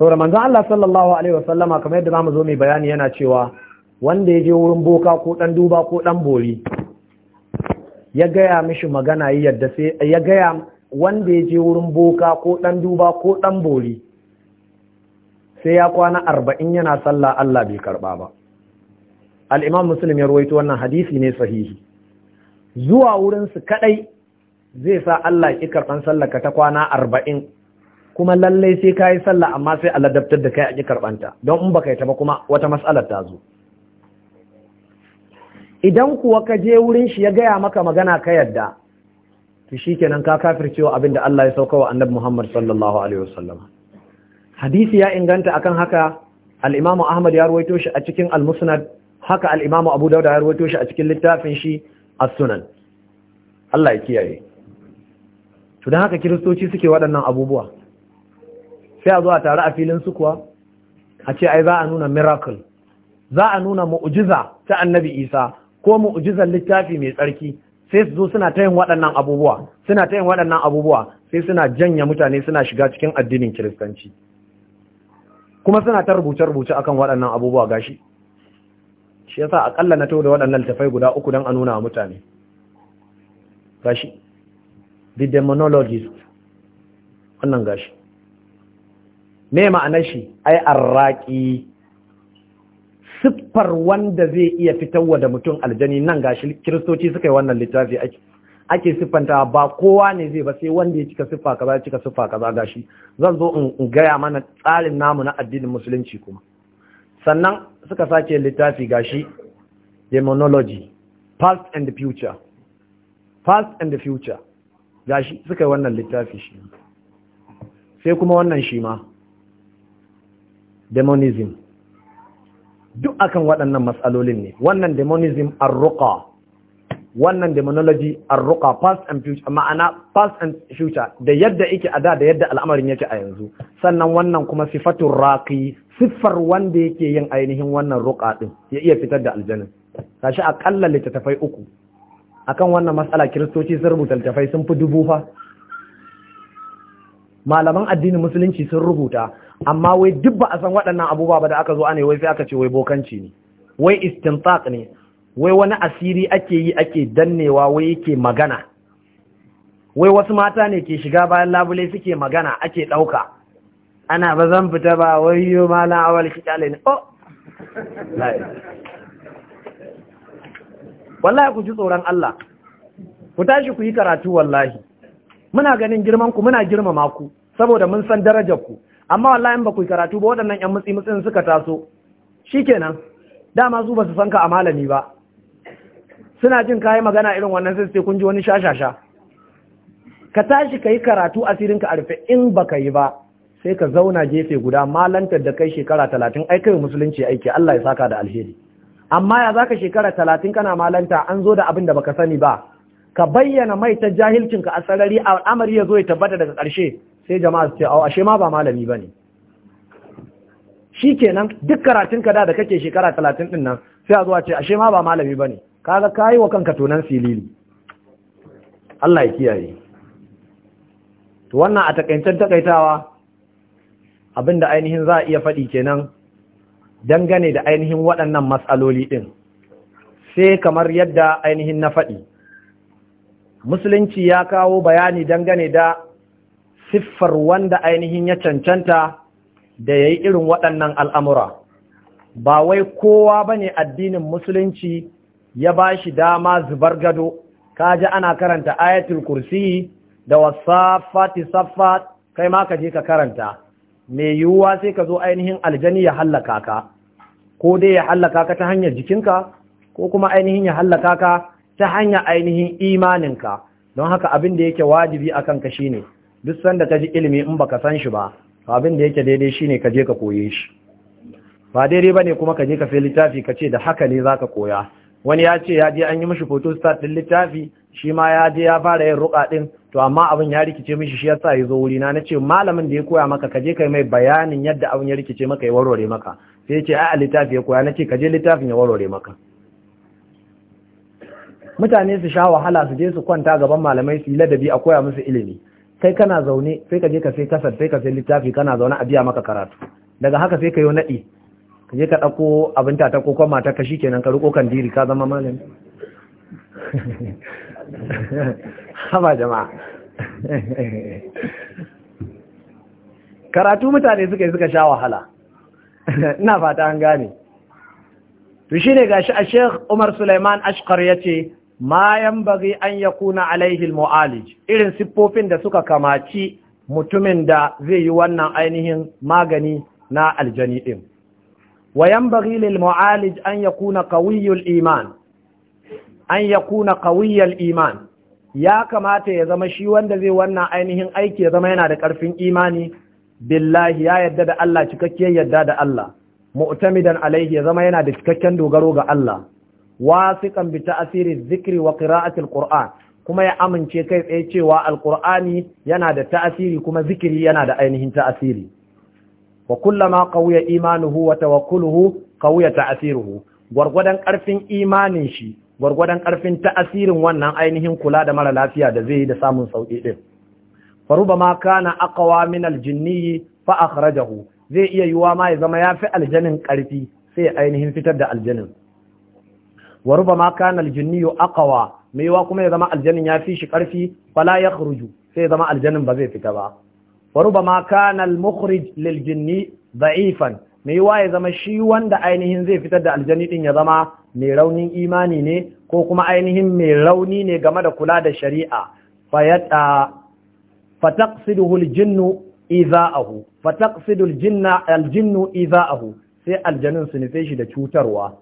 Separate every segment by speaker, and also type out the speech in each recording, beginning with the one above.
Speaker 1: saura manzo Allah sallallahu alaihi wasallama kamar yadda zamu zo mai bayani yana cewa wanda ya je wurin boka ko dan duba ko dan bori ya gaya mishi magana yi yadda sai ya gaya wanda ya je wurin boka ko dan duba ko dan bori sai ya kwana arba'in yana sallah Allah bai karba ba al-imam muslim ya ruwaito wannan hadisi ne sahihi zuwa wurin su kadai zai sa Allah ya karban sallar ta kwana arba'in kuma lallai sai ka yi sallah amma sai Allah daftar da kai a ƙi karɓanta don in baka yi ta ba kuma wata matsalar ta zo idan kuwa ka je wurin shi ya gaya maka magana ka yadda to shikenan ka kafir abin da Allah ya sauka wa annabi Muhammad sallallahu alaihi wasallam hadisi ya inganta akan haka al Ahmad ya ruwaito shi a cikin al-Musnad haka al-Imam Abu Dawud ya ruwaito shi a cikin littafin shi As-Sunan Allah ya kiyaye to dan haka kiristoci suke waɗannan abubuwa sai a zo a tare a filin su kuwa a ce ai za a nuna miracle za a nuna mu'jiza ta annabi isa ko mu'jizar littafi mai tsarki sai su zo suna ta yin waɗannan abubuwa suna ta yin waɗannan abubuwa sai suna janya mutane suna shiga cikin addinin kiristanci kuma suna ta rubuce-rubuce akan waɗannan abubuwa gashi shi yasa akalla na tawo da waɗannan littafai guda uku don a nuna wa mutane gashi the demonologist wannan gashi me ma'anar shi ai arraki siffar wanda zai iya fitarwa da mutum aljani nan gashi kiristoci suka yi wannan littafi ake ake siffanta ba kowa ne zai ba sai wanda ya cika siffa kaza ya cika siffa kaza gashi zan zo in gaya mana tsarin namu na addinin musulunci kuma sannan suka sake littafi gashi demonology past and the future past and the future gashi suka yi wannan littafi shi sai kuma wannan shi ma demonism duk akan waɗannan matsalolin ne wannan demonism arruqa wannan demonology arruqa past and future ma'ana past and future da yadda yake a da da yadda al'amarin yake a yanzu sannan wannan kuma sifatun raki siffar wanda yake yin ainihin wannan ruqa din ya iya fitar da aljanna kashi akalla littattafai uku akan wannan matsala kiristoci sun rubuta littattafai sun fi dubu fa malaman addinin musulunci sun rubuta amma wai duk ba a san waɗannan abubuwa ba da aka zo ana wai sai aka ce wai bokanci ne wai istintaq ne wai wani asiri ake yi ake dannewa wai yake magana wai wasu mata ne ke shiga bayan labule suke magana ake ɗauka ana ba zan fita ba wai yi mala awal kikale ne oh wallahi ku ji tsoron Allah ku tashi ku yi karatu wallahi muna ganin girman ku muna girmama ku saboda mun san darajar ku amma wallahi in ba karatu ba waɗannan yan mutsi mutsin suka taso shikenan dama su ba su san ka a malami ba suna jin kayi magana irin wannan sai sai kun ji wani shashasha ka tashi ka yi karatu asirin ka arfe in baka yi ba sai ka zauna gefe guda malantar da kai shekara talatin ai kai musulunci aiki Allah ya saka da alheri amma ya zaka shekara talatin kana malanta an zo da abin da baka sani ba ka bayyana mai ta jahilcinka a sarari al'amari ya zo ya tabbata daga ƙarshe sai jama'a su ce a ashe ma ba malami bane shikenan duk karatun ka da da kake shekara talatin din nan sai a zuwa ce ashe ma ba malami bane kaga kai wa kanka tonan silili Allah ya kiyaye to wannan a takaicen takaitawa abinda ainihin za a iya faɗi kenan dangane da ainihin waɗannan matsaloli ɗin sai kamar yadda ainihin na faɗi musulunci ya kawo bayani dangane da siffar wanda ainihin ya cancanta da ya yi irin waɗannan al'amura ba wai kowa ba ne addinin musulunci ya ba shi dama zubar gado kaji ana karanta ayatul kursi da wasafati saffat kai ma ka je ka karanta Me yiwuwa sai ka zo ainihin aljani ya hallaka ka ko dai ya hallaka ka ta hanyar jikinka ko kuma ainihin ya hallaka ka ta hanyar ainihin imaninka don haka abin da yake wajibi a kanka shine duk sanda ka ji ilimi in baka san shi ba abin da yake daidai shine ka je ka koye shi ba daidai bane kuma ka je ka sai littafi ka ce da haka ne zaka koya wani ya ce ya je an yi mishi photo start din littafi shi ma ya je ya fara yin ruka din to amma abin ya rikice mishi shi yasa ya zo wuri na nace malamin da ya koya maka ka je kai mai bayanin yadda abin ya rikice maka ya warware maka sai ya ce a littafi ya koya nace ka je littafin ya warware maka mutane su sha wahala su je su kwanta gaban malamai su yi ladabi a koya musu ilimi kai kana zaune sai ka je ka sai kasar sai ka sai littafi kana zaune a biya maka karatu daga haka sai ka yi naɗi ka je ka ɗauko abin ta ta ko kwama ta kashi kenan ka riko kan diri ka zama malami haba jama'a karatu mutane suka yi suka sha wahala ina fata an gane to shine gashi a Sheikh Umar Sulaiman Ashqar yace ma 'yan yanbaghi an kuna alaihi Mu'alij, irin siffofin da suka kamaci mutumin da zai yi wannan ainihin magani na aljani din wa bari lil mu'alij an kuna qawiyyul iman an kuna iman ya kamata ya zama shi wanda zai wannan ainihin aiki ya zama yana da ƙarfin imani billahi ya yadda da Allah cikakkiyar yadda da Allah mu'tamidan alaihi ya zama yana da cikakken dogaro ga Allah wasiqan bi ta'asirin dhikri wa qira'ati quran kuma ya amince kai tsaye cewa alqur'ani yana da ta'asiri kuma zikiri yana da ainihin ta'asiri wa kullama qawiya imanuhu wa tawakkuluhu qawiya ta'asiruhu gwargwadon karfin imanin shi gwargwadon karfin ta'asirin wannan ainihin kula da mara lafiya da zai yi da samun sauki din faruba ma kana aqwa min aljinni fa akhrajahu zai iya yiwa ma ya zama yafi aljanin karfi sai ainihin fitar da aljanin wa rubama kana aljinniyu aqwa mai wa kuma ya zama aljannin ya fi shi karfi fala yakhruju sai zama aljannin ba zai fita ba wa rubama kana almukhrij liljinni da'ifan mai wa ya zama shi wanda ainihin zai fitar da aljanni din ya zama mai raunin imani ne ko kuma ainihin mai rauni ne game da kula da shari'a fayata fataqsiduhu aljinnu idha'ahu fataqsidu aljinna aljinnu idha'ahu sai aljannin su nufe shi da cutarwa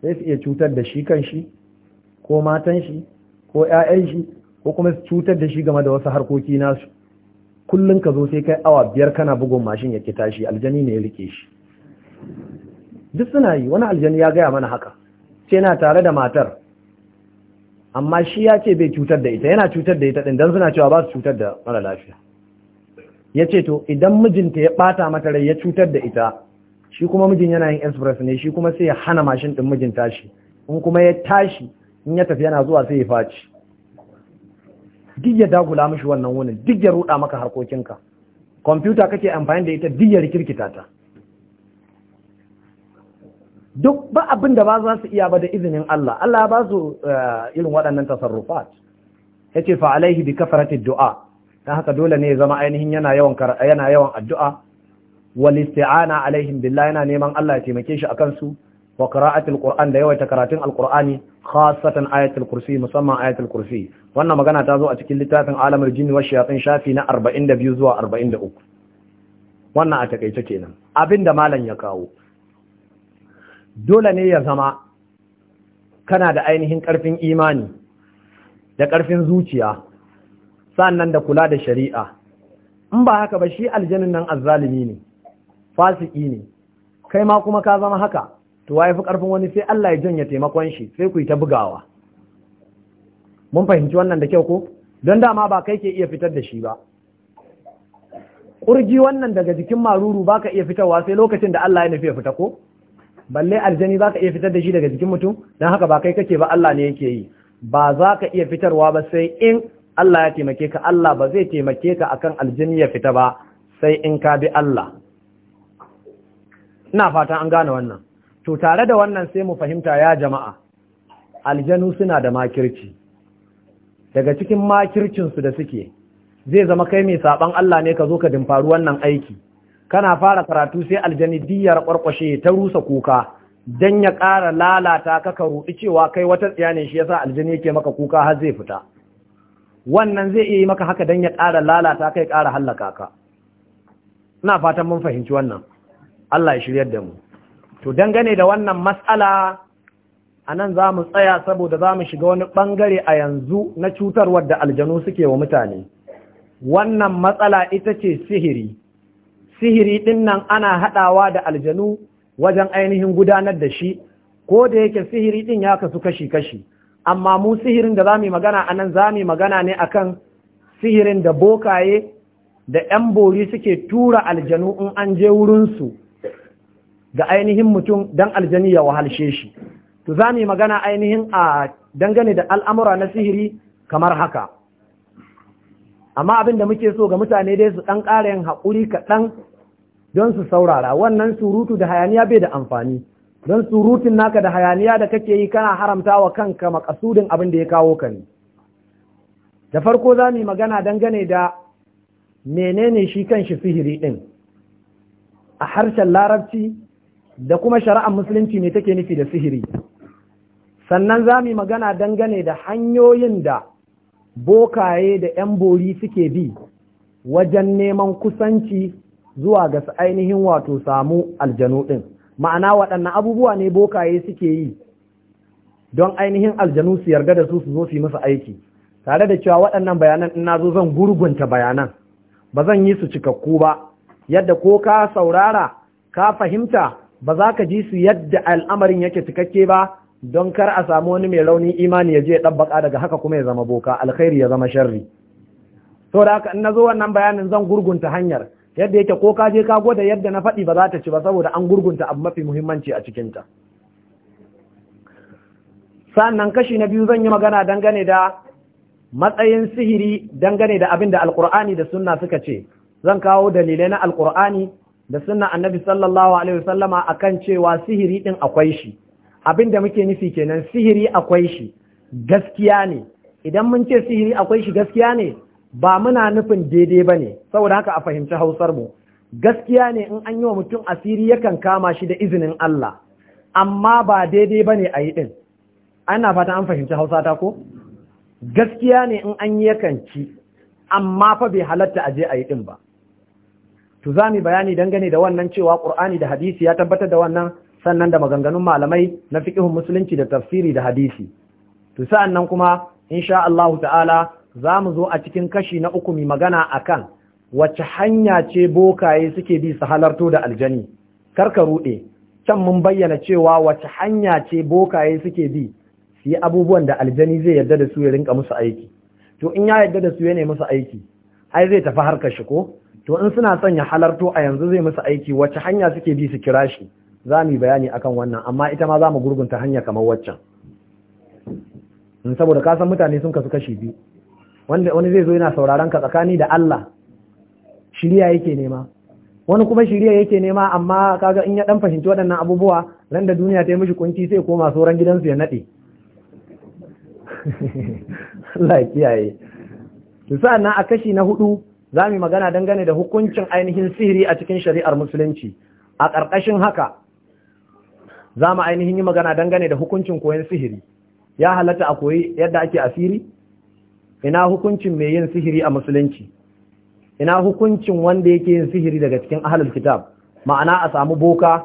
Speaker 1: sai su iya cutar da shi kan shi ko matan shi ko 'ya'yan shi ko kuma su cutar da shi game da wasu harkoki nasu kullum ka zo sai kai awa biyar kana bugun mashin ya kita shi aljani ne ya rike shi duk suna yi wani aljani ya gaya mana haka sai na tare da matar amma shi ya ce bai cutar da ita yana cutar da ita din dan suna cewa ba su cutar da mara lafiya ya ce to idan mijinta ya ɓata mata rai ya cutar da ita shi kuma mijin yana yin express ne shi kuma sai ya hana mashin din mijin tashi in kuma ya tashi in ya tafi yana zuwa sai ya faci duk ya dagula mishi wannan wunin duk ya ruda maka harkokinka kwamfuta kake amfani da ita duk ya ta duk ba abin da ba za su iya ba da izinin Allah Allah ba su eh, irin waɗannan tasarrufat yace fa alaihi bi kafarati du'a dan haka dole ne ya zama ainihin yana yawan yana yawan addu'a wal isti'ana alaihim billahi yana neman Allah ya taimake shi akan su wa qira'atul qur'an da yawaita karatun alqur'ani khassatan ayatul kursi musamman ayatul kursi wannan magana ta zo a cikin littafin alamul jinni wa shayatin shafi na 42 zuwa 43 wannan a takeice kenan abinda malam ya kawo dole ne ya zama kana da ainihin karfin imani da karfin zuciya sannan da kula da shari'a in ba haka ba shi aljanin nan azzalimi ne fasiki ne kai ma kuma ka zama haka to waye fi karfin wani sai Allah ya janye taimakon shi sai ku yi ta bugawa mun fahimci wannan da kyau ko don dama ba kai ke iya fitar da shi ba ƙurgi wannan daga jikin maruru ba ka iya fitarwa sai lokacin da Allah ya nufi ya fita ko balle aljani ba ka iya fitar da shi daga jikin mutum don haka ba kai kake ba Allah ne yake yi ba za ka iya fitarwa ba sai in Allah ya taimake ka Allah ba zai taimake ka akan aljani ya fita ba sai in ka bi Allah ina fatan an gane wannan to tare da wannan sai mu fahimta ya jama'a aljanu suna da makirci daga cikin makircin su da suke zai zama kai mai saban Allah ne ka zo ka dimfaru wannan aiki kana fara karatu sai aljani diyar kwarkwashe ta rusa kuka dan ya ƙara lalata ka ka rudi cewa kai wata tsiya ne shi yasa aljani yake maka kuka har zai fita wannan zai iya yi maka haka dan ya ƙara lalata kai ƙara hallaka ka ina fatan mun fahimci wannan Allah ya shiryar da mu to dangane da wannan matsala a nan za mu tsaya saboda za mu shiga wani ɓangare a yanzu na cutar da aljanu suke wa mutane wannan matsala ita ce sihiri sihiri ɗin nan ana haɗawa da aljanu wajen ainihin gudanar da shi ko da yake sihiri ɗin ya kasu kashi-kashi amma mu sihirin da za mu magana a nan za mu magana ne akan sihirin da bokaye da 'yan bori suke tura aljanu in an je wurinsu ga ainihin mutum dan aljani ya wahalshe shi to za magana ainihin a dangane da al'amura na sihiri kamar haka amma abin da muke so ga mutane dai su ɗan ƙara yin haƙuri kaɗan don su saurara wannan surutu da hayaniya bai da amfani don surutun naka da hayaniya da kake yi kana haramta wa kanka makasudin abin da ya kawo ka ne da farko za mu magana dangane da menene shi kan shi sihiri ɗin a harshen larabci da kuma shari'ar musulunci ne take nufi da sihiri sannan za mu magana dangane da hanyoyin da bokaye da 'yan bori suke bi wajen neman kusanci zuwa ga su ainihin wato samu aljanu ɗin ma'ana waɗannan abubuwa ne bokaye suke yi don ainihin aljanu su yarda da su su zo su yi musu aiki tare da cewa waɗannan bayanan ina zo zan gurgunta bayanan ba zan yi su cikakku ba yadda ko ka saurara ka fahimta ba za ka ji su yadda al'amarin yake cikakke ba don kar a samu wani mai rauni imani ya je ya ɗabbaƙa daga haka kuma ya zama boka alkhairi ya zama sharri to da haka na zo wannan bayanin zan gurgunta hanyar yadda yake ko ka je ka gwada yadda na faɗi ba za ta ci ba saboda an gurgunta abu mafi muhimmanci a cikinta sannan kashi na biyu zan yi magana dangane da matsayin sihiri dangane da abin da alkur'ani da sunna suka ce zan kawo dalilai na alkur'ani da sunna annabi sallallahu alaihi wasallama akan cewa sihiri din akwai shi Abinda muke nufi kenan sihiri akwai shi gaskiya ne idan mun ce sihiri akwai shi gaskiya ne ba muna nufin daidai ba saboda haka a fahimci hausar mu gaskiya ne in an yi wa mutum asiri yakan kama shi da izinin Allah amma ba daidai ba ne a yi ɗin ana fata an fahimci hausa ta ko gaskiya ne in an yi yakan ci amma fa bai halatta a je a yi ɗin ba to za mu bayani dangane da wannan cewa Qur'ani da hadisi ya tabbatar da wannan sannan da maganganun malamai na fiqhun musulunci da tafsiri da hadisi to sa'an nan kuma insha Allah ta'ala za mu zo a cikin kashi na uku mai magana kan wace hanya ce bokaye suke bi su halarto da aljani Kar ka rude can mun bayyana cewa wace hanya ce bokaye suke bi su yi abubuwan da aljani zai yarda da su ya rinka musu aiki to in ya yarda da su ya ne musu aiki ai zai tafi harkar shi ko to in suna son ya halarto a yanzu zai musu aiki wacce hanya suke bi su kira shi za mu yi bayani akan wannan amma ita ma za mu gurgunta hanya kamar waccan in saboda ka san mutane sun kasu kashi biyu wanda wani zai zo yana sauraron ka tsakani da Allah shiriya yake nema wani kuma shiriya yake nema amma kaga in ya dan fahimci waɗannan abubuwa ran da duniya ta yi mishi kunci sai koma sauran gidansu ya nade Allah ya kiyaye to sa'an a kashi na hudu za mu magana dangane da hukuncin ainihin sihiri a cikin shari'ar musulunci a ƙarƙashin haka za mu ainihin yi magana dangane da hukuncin koyon sihiri ya halatta a koyi yadda ake asiri ina hukuncin mai yin sihiri a musulunci ina hukuncin wanda yake yin sihiri daga cikin ahlul kitab ma'ana a samu boka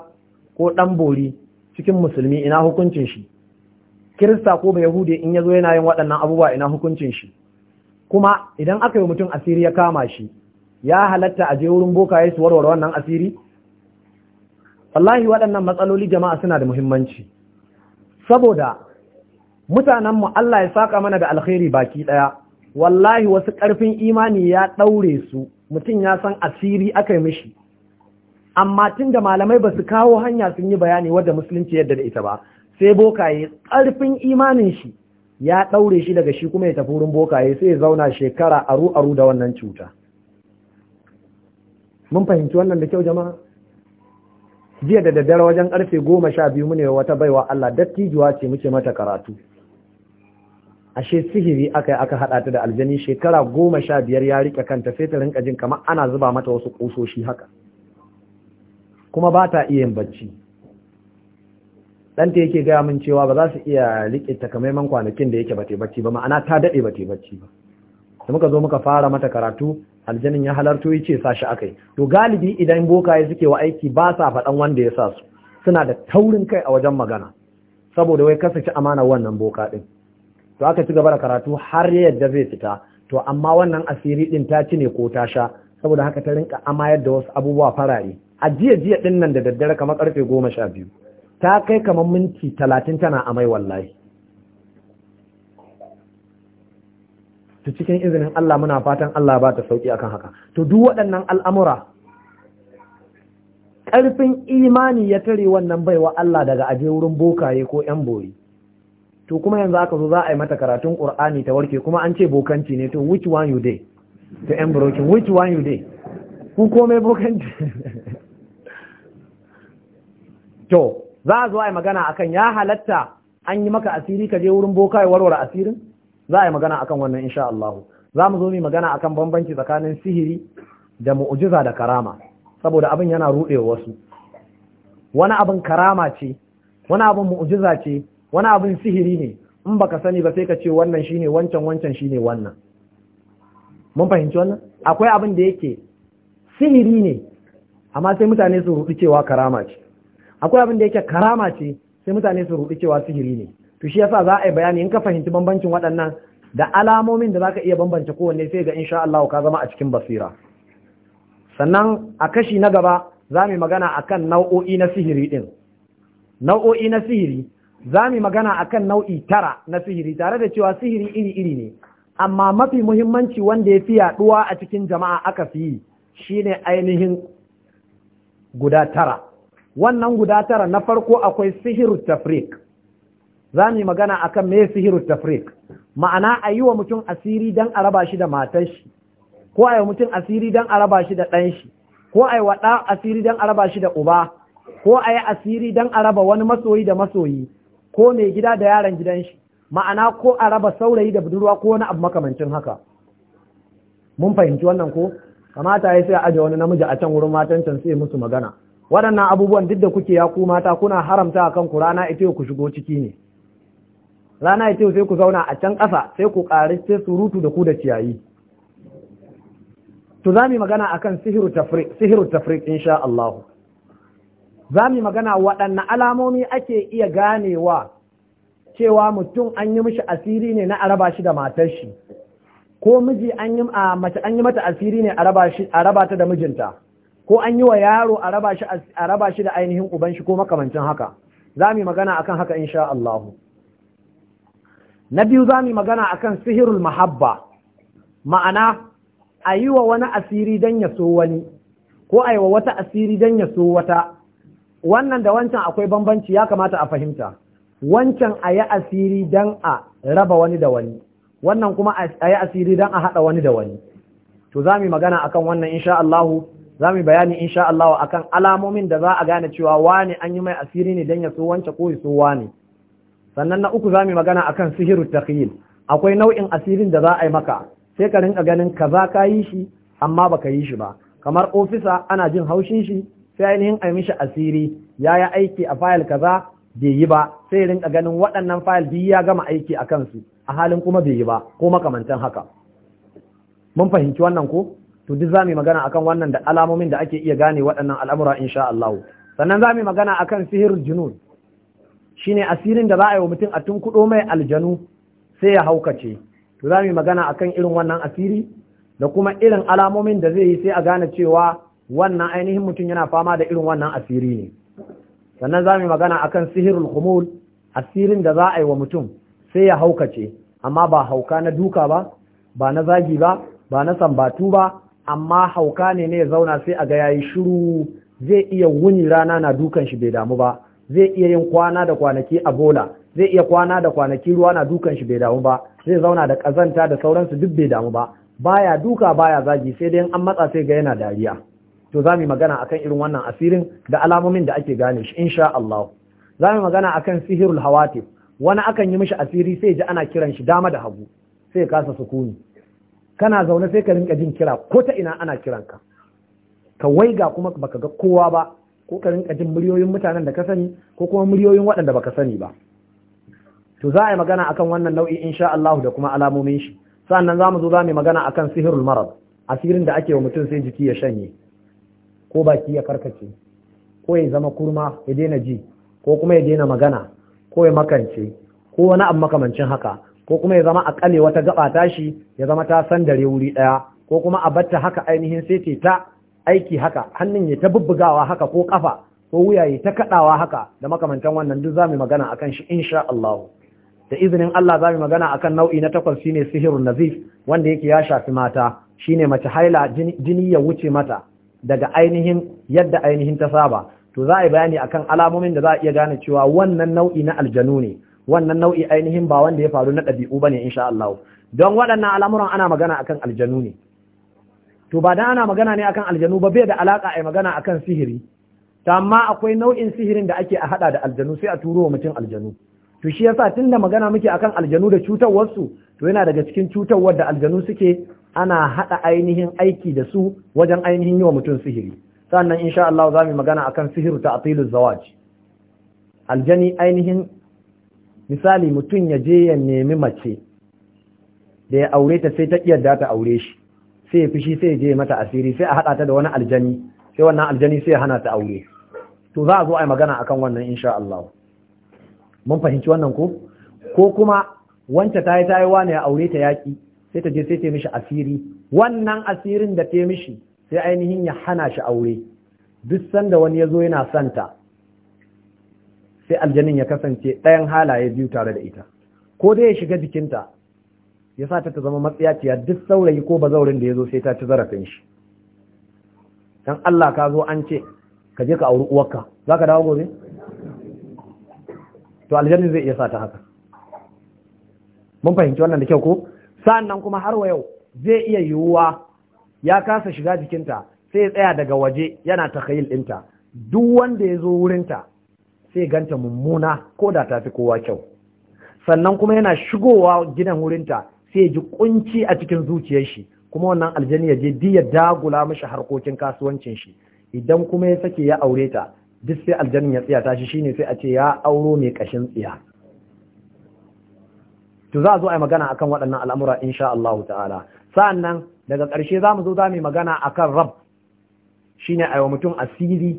Speaker 1: ko ɗan bori cikin musulmi ina hukuncin shi kirista ko ba yahudi in yazo yana yin waɗannan abubuwa ina hukuncin shi kuma idan aka yi mutum asiri ya kama shi ya halatta a je wurin bokaye su warware wannan asiri wallahi waɗannan matsaloli jama'a suna da muhimmanci saboda mutanenmu Allah ya saka mana da alkhairi baki ɗaya wallahi wasu ƙarfin imani ya ɗaure su mutum ya san asiri aka yi mishi amma tun da malamai ba su kawo hanya sun yi bayani wadda musulunci yadda da ita ba sai bokaye ƙarfin imanin shi ya ɗaure shi daga shi kuma ya tafi wurin bokaye sai ya zauna shekara aru aru da wannan cuta mun fahimci wannan da kyau jama'a jiya da daddare wajen karfe goma sha biyu mune wata baiwa Allah dattijuwa ce muke mata karatu ashe sihiri aka yi aka haɗa ta da aljani shekara goma sha biyar ya riƙe kanta sai ta rinka jin kamar ana zuba mata wasu ƙusoshi haka kuma ba ta iya yin bacci ɗanta yake gaya min cewa ba za su iya riƙe takamaiman kwanakin da yake bate bacci ba ma'ana ta daɗe bate bacci ba da muka zo muka fara mata karatu aljanin ya halarto ya ce shi aka yi to galibi idan bokaye suke wa aiki ba sa faɗan wanda ya sa su suna da taurin kai a wajen magana saboda wai kasance amana wannan boka ɗin to aka ci gaba da karatu har yadda zai fita to amma wannan asiri ɗin ta ci ne ko ta sha saboda haka ta rinka amayar da wasu abubuwa farare a jiya jiya ɗin nan da daddare kamar karfe goma sha biyu ta kai kamar minti talatin tana amai wallahi ta cikin izinin Allah muna fatan Allah ba ta sauki akan haka to duk waɗannan al'amura ƙarfin imani ya tare wannan baiwa Allah daga aje wurin bokaye ko ‘yan bori to kuma yanzu aka zo za a yi mata karatun ƙur'ani ta warke kuma an ce bokanci ne to which one you dey to ‘yan broken which one you dey ku komai bokanci to za a zo a yi magana akan ya halatta an yi maka asiri ka je wurin boka ya warware asirin za a yi magana akan wannan insha Allah za mu zo mu magana akan bambanci tsakanin sihiri da mu'jiza da karama saboda abin yana ruɗewa wasu wani abin karama ce wani abin mu'jiza ce wani abin sihiri ne in baka sani ba sai ka ce wannan shine wancan wancan shine wannan mun fahimci wannan akwai abin da yake sihiri ne amma sai mutane su rubuce cewa karama ce akwai abin da yake karama ce sai mutane su rubuce cewa sihiri ne to shi yasa za a yi bayani in ka fahimci bambancin waɗannan da alamomin da zaka iya bambance kowanne sai ga insha Allah ka zama a cikin basira sannan a kashi na gaba za mu magana akan nau'o'i na sihiri din nau'o'i na sihiri za mu magana akan nau'i tara na sihiri tare da cewa sihiri iri-iri ne amma mafi muhimmanci wanda ya fi yaduwa a cikin jama'a aka fi yi shine ainihin guda tara wannan guda tara na farko akwai sihiru tafrik za mu yi magana akan me sihiru tafrik ma'ana a yi wa mutum asiri don a raba shi da matar shi ko a yi wa mutum asiri don a raba shi da ɗan shi ko a yi wa asiri don a raba shi da uba ko a yi asiri don a raba wani masoyi da masoyi ko mai gida da yaron gidan shi ma'ana ko a raba saurayi da budurwa ko wani abu makamancin haka mun fahimci wannan ko kamata ya sai a aje wani namiji a can wurin matan can sai musu magana waɗannan abubuwan duk da kuke ya ku mata kuna haramta akan ku rana ita ku shigo ciki ne rana ita sai ku zauna a can ƙasa sai ku ƙari sai surutu da ku da ciyayi to za mu magana akan sihiru tafriq sihiru tafriq insha Allah za mu magana waɗanne alamomi ake iya ganewa cewa mutum an yi mishi asiri ne na araba shi da matar shi ko miji an mace an yi mata asiri ne a raba ta da mijinta ko an yi wa yaro a raba shi da ainihin uban shi ko makamancin haka za mu magana akan haka insha Allah na biyu za mu magana akan sihirul mahabba ma'ana a yi wa wani asiri don ya so wani ko a yi wa wata asiri don ya so wata wannan da wancan akwai bambanci ya kamata a fahimta wancan a yi asiri don a raba wani da wani wannan kuma a yi asiri don a haɗa wani da wani to za mu magana akan wannan insha Allah za mu bayani insha Allah akan alamomin da za a gane cewa wani an yi mai asiri ne don ya so wance ko ya so wani sannan na uku za mu magana akan sihiru takhyil akwai nau'in asirin da za a yi maka sai ka rinka ganin kaza ka yi shi amma baka yi shi ba kamar ofisa ana jin haushin shi sai ainihin a mishi asiri ya yi aiki a fayil kaza bai yi ba sai rinka ganin waɗannan fayil biyu ya gama aiki a kansu a halin kuma bai yi ba ko makamantan haka mun fahimci wannan ko to duk zamu magana akan wannan da alamomin da ake iya gane waɗannan al'amura insha Allah sannan zamu magana akan sihir junun shine asirin da za a yi wa mutum a kuɗo mai aljanu sai ya haukace to zamu magana akan irin wannan asiri da kuma irin alamomin da zai yi sai a gane cewa wannan ainihin mutum yana fama da irin wannan asiri ne sannan zamu magana akan sihirul khumul asirin da za a yi wa mutum sai ya haukace amma ba hauka na duka ba ba na zagi ba ba na sambatu ba amma hauka ne ne ya zauna sai a ga yayi shiru zai iya wuni rana na dukan shi bai damu ba zai iya yin kwana da kwanaki a bola zai iya kwana da kwanaki ruwa na dukan shi bai damu ba zai zauna da kazanta da sauransu duk bai damu ba baya duka baya zagi sai dai an matsa sai ga yana dariya to za mu magana akan irin wannan asirin da alamomin da ake gane shi insha Allah za mu magana akan sihirul hawatif wani akan yi mishi asiri sai ji ana kiran shi dama da hagu sai kasa sukuni kana zaune sai ka rinka jin kira ko ta ina ana kiranka ka waiga kuma baka ga kowa ba ko ka rinka jin muryoyin mutanen da ka sani ko kuma muryoyin waɗanda baka sani ba to za a yi magana akan wannan nau'i insha Allah da kuma alamomin shi sannan za mu zo za mu magana akan sihirul marad asirin da ake wa mutum sai jiki ya shanye ko baki ya karkace ko ya zama kurma ya daina ji ko kuma ya daina magana ko ya makance ko wani abu makamancin haka ko kuma ya zama a kale wata gaba tashi ya zama ta san dare wuri daya ko kuma a batta haka ainihin sai ce ta aiki haka hannun ya ta bubbugawa haka ko kafa ko wuyaye ta kadawa haka da makamantan wannan duk zamu magana akan shi insha Allah da izinin Allah zamu magana akan nau'i na takwas shine sihirun nazif wanda yake ya shafi mata shine mace haila jini ya wuce mata daga ainihin yadda ainihin ta saba to za a yi bayani akan alamomin da za a iya gane cewa wannan nau'i na aljanu ne wannan nau'i ainihin ba wanda ya faru na ɗabi'u ba bane insha Allah don waɗannan al'amuran ana magana akan aljanu ne to ba da ana magana ne akan aljanu ba bai da alaƙa a magana akan sihiri Ta amma akwai nau'in sihirin da ake a haɗa da aljanu sai a turo wa mutum aljanu to shi yasa da magana muke akan aljanu da cutarwarsu to yana daga cikin cutarwar da aljanu suke ana haɗa ainihin aiki da su wajen ainihin yi wa mutum sihiri sannan insha Allah za mu magana akan sihiru ta filin zawaj aljani ainihin misali mutum ya je ya nemi mace da ya aure ta sai ta yarda ta aure shi sai ya fishi sai ya je mata asiri sai a haɗa ta da wani aljani sai wannan aljani sai ya hana ta aure to za a zo a yi magana akan wannan insha Allah mun fahimci wannan ko ko kuma wanta ta yi ta yi wani ya aure ta yaki sai ta je sai ta mishi asiri wannan asirin da ta mishi sai ainihin ya hana shi aure duk sanda wani ya zo yana santa sai aljanin ya kasance ɗayan halaye biyu tare da ita ko dai ya shiga jikinta ya sa ta zama matsiyaciya duk saurayi ko bazaurin da ya zo sai ta ci zarafin shi Don Allah ka zo an ce ka je ka auri uwarka za ka dawo gobe to aljanin zai iya sa ta haka mun fahimci wannan da kyau ko sa'an nan kuma har wa yau zai iya yiwuwa ya kasa shiga jikinta sai ya tsaya daga waje yana takhayil ɗinta duk wanda ya zo wurinta sai ganta mummuna ko da ta fi kowa kyau sannan kuma yana shigowa gidan wurinta sai ji kunci a cikin zuciyar shi kuma wannan aljani ya je diya dagula mashi harkokin kasuwancin shi idan kuma ya sake ya aure ta duk sai aljanin ya ta shi shine sai a ce ya auro mai kashin tsiya to za a zo a yi magana akan waɗannan al'amura insha Allah ta'ala sa'annan daga ƙarshe za mu zo za mu yi magana akan rab shine a yi wa mutum asiri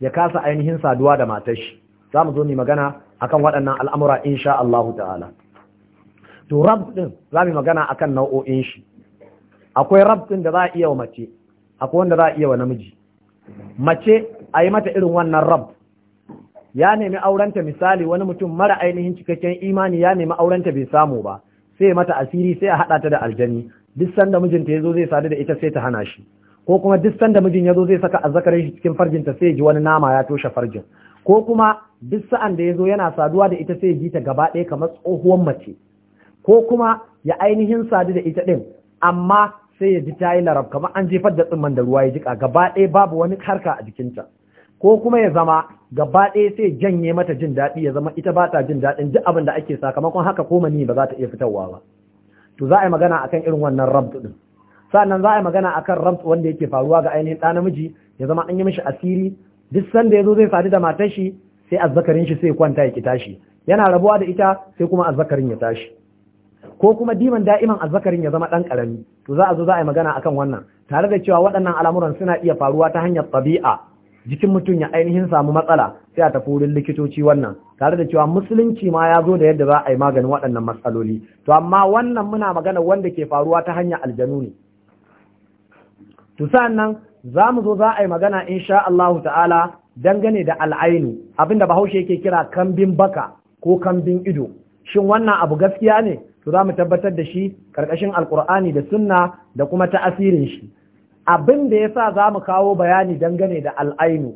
Speaker 1: ya kasa ainihin saduwa da matar shi za mu zo mu magana akan waɗannan al'amura sha Allah ta'ala to rab ɗin za mu magana akan nau'o'in shi akwai rab ɗin da za a iya wa mace akwai wanda za a iya wa namiji mace a yi mata irin wannan rab ya nemi aurenta misali wani mutum mara ainihin cikakken imani ya nemi aurenta bai samu ba sai mata asiri sai a haɗa ta da aljani duk sanda mijinta ya zo zai sadu da ita sai ta hana shi ko kuma duk sanda mijin ya zo zai saka azzakarin shi cikin farjinta sai ya ji wani nama ya toshe farjin ko kuma duk sa'an da ya zo yana saduwa da ita sai ya ji ta gaba ɗaya kamar tsohuwar mace ko kuma ya ainihin sadu da ita ɗin amma sai ya ji tayi larab kamar an jefar da tsumman da ruwa ya jika gaba ɗaya babu wani harka a jikinta ko kuma ya zama gaba ɗaya sai janye mata jin daɗi ya zama ita ba ta jin daɗin duk abin da ake sakamakon haka ko mani ba za ta iya fitarwa ba to za a yi magana akan irin wannan rabdu din sannan za a yi magana akan rabdu wanda yake faruwa ga ainihin ɗa namiji ya zama an yi mishi asiri duk sanda ya zo zai sadu da matar shi sai azzakarin shi sai kwanta ya ki tashi yana rabuwa da ita sai kuma azzakarin ya tashi ko kuma diman da'iman azzakarin ya zama ɗan ƙarami, to za a zo za a yi magana akan wannan tare da cewa waɗannan al'amuran suna iya faruwa ta hanyar ɗabi'a jikin mutum ya ainihin samu matsala sai a tafi wurin likitoci wannan tare da cewa musulunci ma ya zo da yadda za a yi maganin waɗannan matsaloli to amma wannan muna magana wanda ke faruwa ta hanyar aljanu ne to sa'an nan za mu zo za a yi magana insha Allahu ta'ala dangane da al'ainu abinda bahaushe yake kira kambin baka ko kambin ido shin wannan abu gaskiya ne to za mu tabbatar da shi karkashin alkur'ani da sunna da kuma ta'asirin shi abin da yasa za mu kawo bayani dangane da al'ainu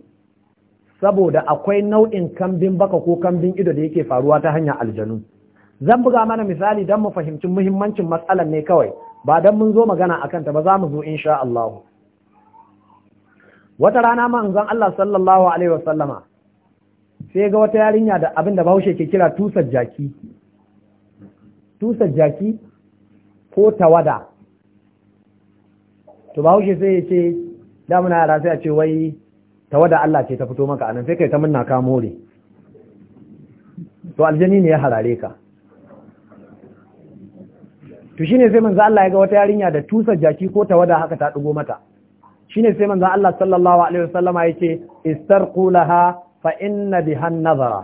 Speaker 1: saboda akwai nau'in kambin baka ko kambin ido da yake faruwa ta hanyar aljanu zan buga mana misali don mu fahimci muhimmancin matsalar ne kawai ba don mun zo magana akan ta ba za mu zo insha Allah wata rana zan Allah sallallahu alaihi wasallama sai ga wata yarinya da abin da Bahaushe ke kira tusar jaki tusar jaki ko tawada to Bahaushe sai ya ce da muna yara sai a ce wai tawada Allah ce ta fito maka anan sai kai ta munna ka more to aljani ne ya harare ka to shine sai manzo Allah ya ga wata yarinya da tusar jaki ko tawada haka ta dugo mata shine sai manzo Allah sallallahu alaihi wasallama yace istarqu laha fa inna biha nazara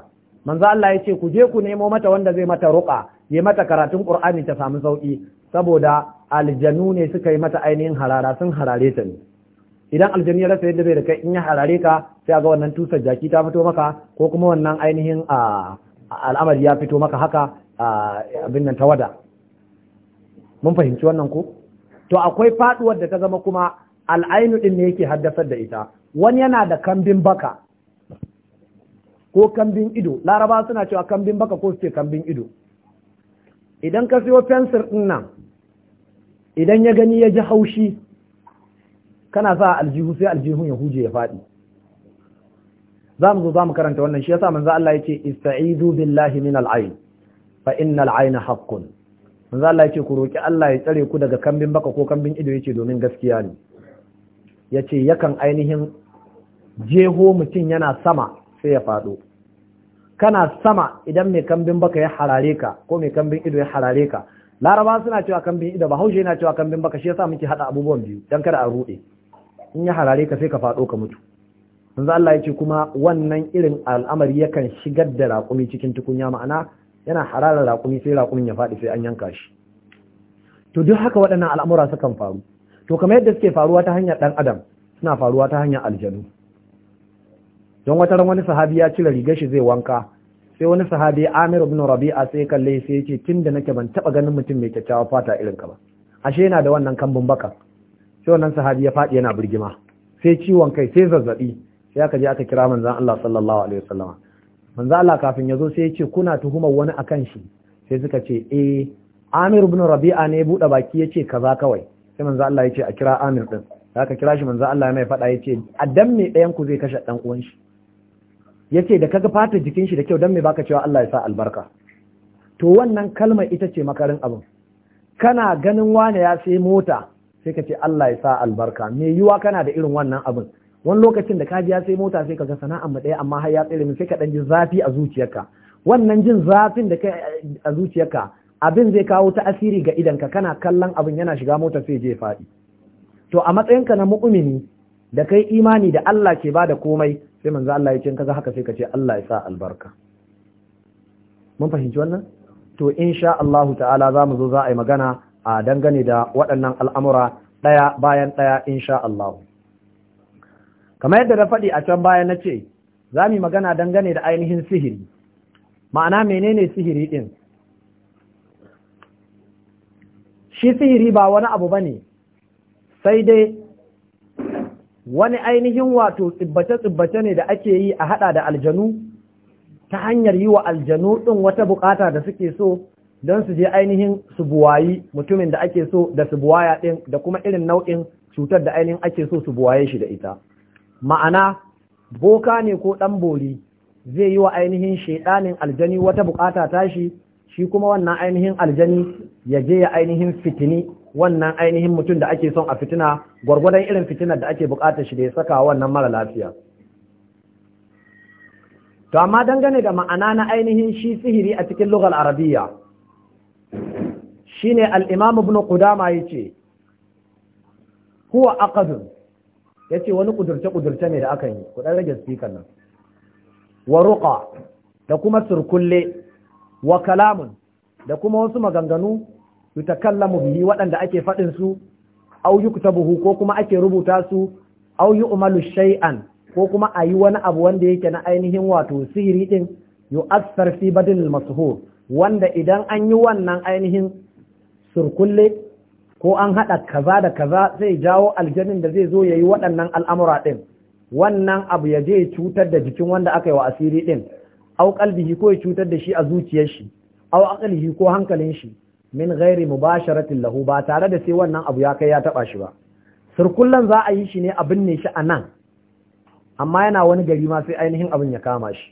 Speaker 1: manzo Allah yace ku je ku nemo mata wanda zai mata ruqa ya mata karatun qur'ani ta samu sauki saboda aljanu ne suka yi mata ainihin harara sun harare ta ne idan aljanu ya rasa yadda zai da kai in ya harare ka sai ga wannan tusar jaki ta fito maka ko kuma wannan ainihin al'amari ya fito maka haka abin nan ta wada. mun fahimci wannan ko to akwai faduwar da ta zama kuma al'ainu ɗin ne yake haddasar da ita wani yana da kambin baka ko kambin ido laraba suna cewa kambin baka ko su ce kambin ido idan ka siyo fensir ɗinnan, nan idan ya gani ya ji haushi kana sa aljihu sai aljihun ya huje ya faɗi za mu zo za mu karanta wannan shi yasa manzo Allah yake ista'izu billahi min al'ain fa innal ayna haqqun manzo Allah yake ku roki Allah ya tsare ku daga kambin baka ko kambin ido yace domin gaskiya ne ya ce yakan ainihin jeho mutum yana sama sai ya faɗo kana sama idan mai kambin baka ya harare ka ko mai kambin ido ya harare ka laraba suna cewa kambin ido ba haushe yana cewa kambin baka shi yasa muke haɗa abubuwan biyu dan kada a rude in ya harare ka sai ka faɗo ka mutu manzo Allah ya ce kuma wannan irin al'amari yakan shigar da raƙumi cikin tukunya ma'ana yana hararar raƙumi sai raƙumin ya faɗi sai an yanka shi to duk haka waɗannan al'amura sukan faru to kamar yadda suke faruwa ta hanyar dan adam suna faruwa ta hanyar aljanu don wata ran wani sahabi ya cire rigar shi zai wanka sai wani sahabi Amir ibn Rabi'a sai kalle sai yace tunda nake ban taba ganin mutum mai kyakkyawa fata irin ka ba ashe yana da wannan kambun baka sai wannan sahabi ya fadi yana birgima sai ciwon kai sai zazzabi sai aka je aka kira manzon Allah sallallahu alaihi wasallam manzon Allah kafin ya zo sai yace kuna tuhumar wani akan shi sai suka ce eh Amir ibn Rabi'a ne ya buɗe baki ya ce kaza kawai sai manzo Allah ya a kira Amir din haka kira shi manzo Allah mai faɗa yace a dan me ɗayan ku zai kashe dan uwan shi yace da kaga fata jikin shi da kyau dan me baka cewa Allah ya sa albarka to wannan kalmar ita ce makarin abin kana ganin wane ya sai mota sai ka ce Allah ya sa albarka me yiwa kana da irin wannan abin wani lokacin da kaji ya sai mota sai ka ga sana'ar mu ɗaya amma har ya tsere mu sai ka dan ji zafi a zuciyarka wannan jin zafin da kai a zuciyarka abin zai kawo ta asiri ga ka kana kallon abin yana shiga mota sai je faɗi to a matsayinka na mu'mini da kai imani da Allah ke bada komai sai manzo Allah ya ce kaza haka sai ka ce Allah ya sa albarka mun fahimci wannan to insha Allah ta'ala za mu zo za a yi magana a dangane da waɗannan al'amura ɗaya bayan ɗaya insha Allah kamar yadda na faɗi a can baya na ce za mu magana dangane da ainihin sihiri ma'ana menene sihiri ɗin shi sihiri ba wani abu ba ne sai dai wani ainihin wato tsibbace-tsibbace ne da ake yi a hada da aljanu ta hanyar yi wa aljanu ɗin wata bukata da suke so don su je ainihin su buwayi mutumin da ake so da su buwaya ɗin da kuma irin nau'in cutar da ainihin ake so su buwaye shi da ita ma'ana boka ne ko ɗan bori zai yi wa ainihin shaiɗanin aljani wata bukata tashi shi kuma wannan ainihin aljani ya je ya ainihin fitini wannan ainihin mutum da ake son a fitina gwargwadon irin fitinar da ake bukatar shi da ya saka wannan mara lafiya to amma dangane da ma'ana na ainihin shi sihiri a cikin lugal arabiya shine al-imam ibn qudama yace huwa ya yace wani kudurce kudurce ne da aka yi ku dan rage speaker nan wa ruqa da kuma surkulle wa kalamun da kuma wasu maganganu su yutakallamu bihi waɗanda ake faɗin su au yuktabuhu ko kuma ake rubuta su au yu'malu shay'an ko kuma a yi wani abu wanda yake na ainihin wato sihiri din yu'assar fi badil mashhur wanda idan an yi wannan ainihin surkulle ko an haɗa kaza da kaza zai jawo aljanin da zai zo ya yi waɗannan al'amura ɗin wannan abu ya je cutar da jikin wanda aka yi wa asiri ɗin aw qalbihi ko ya cutar da shi a zuciyar shi aw aqlihi ko hankalin shi min ghairi mubasharatin lahu ba tare da sai wannan abu ya kai ya taba shi ba sirkullan za a yi shi ne a binne shi a nan amma yana wani gari ma sai ainihin abin ya kama shi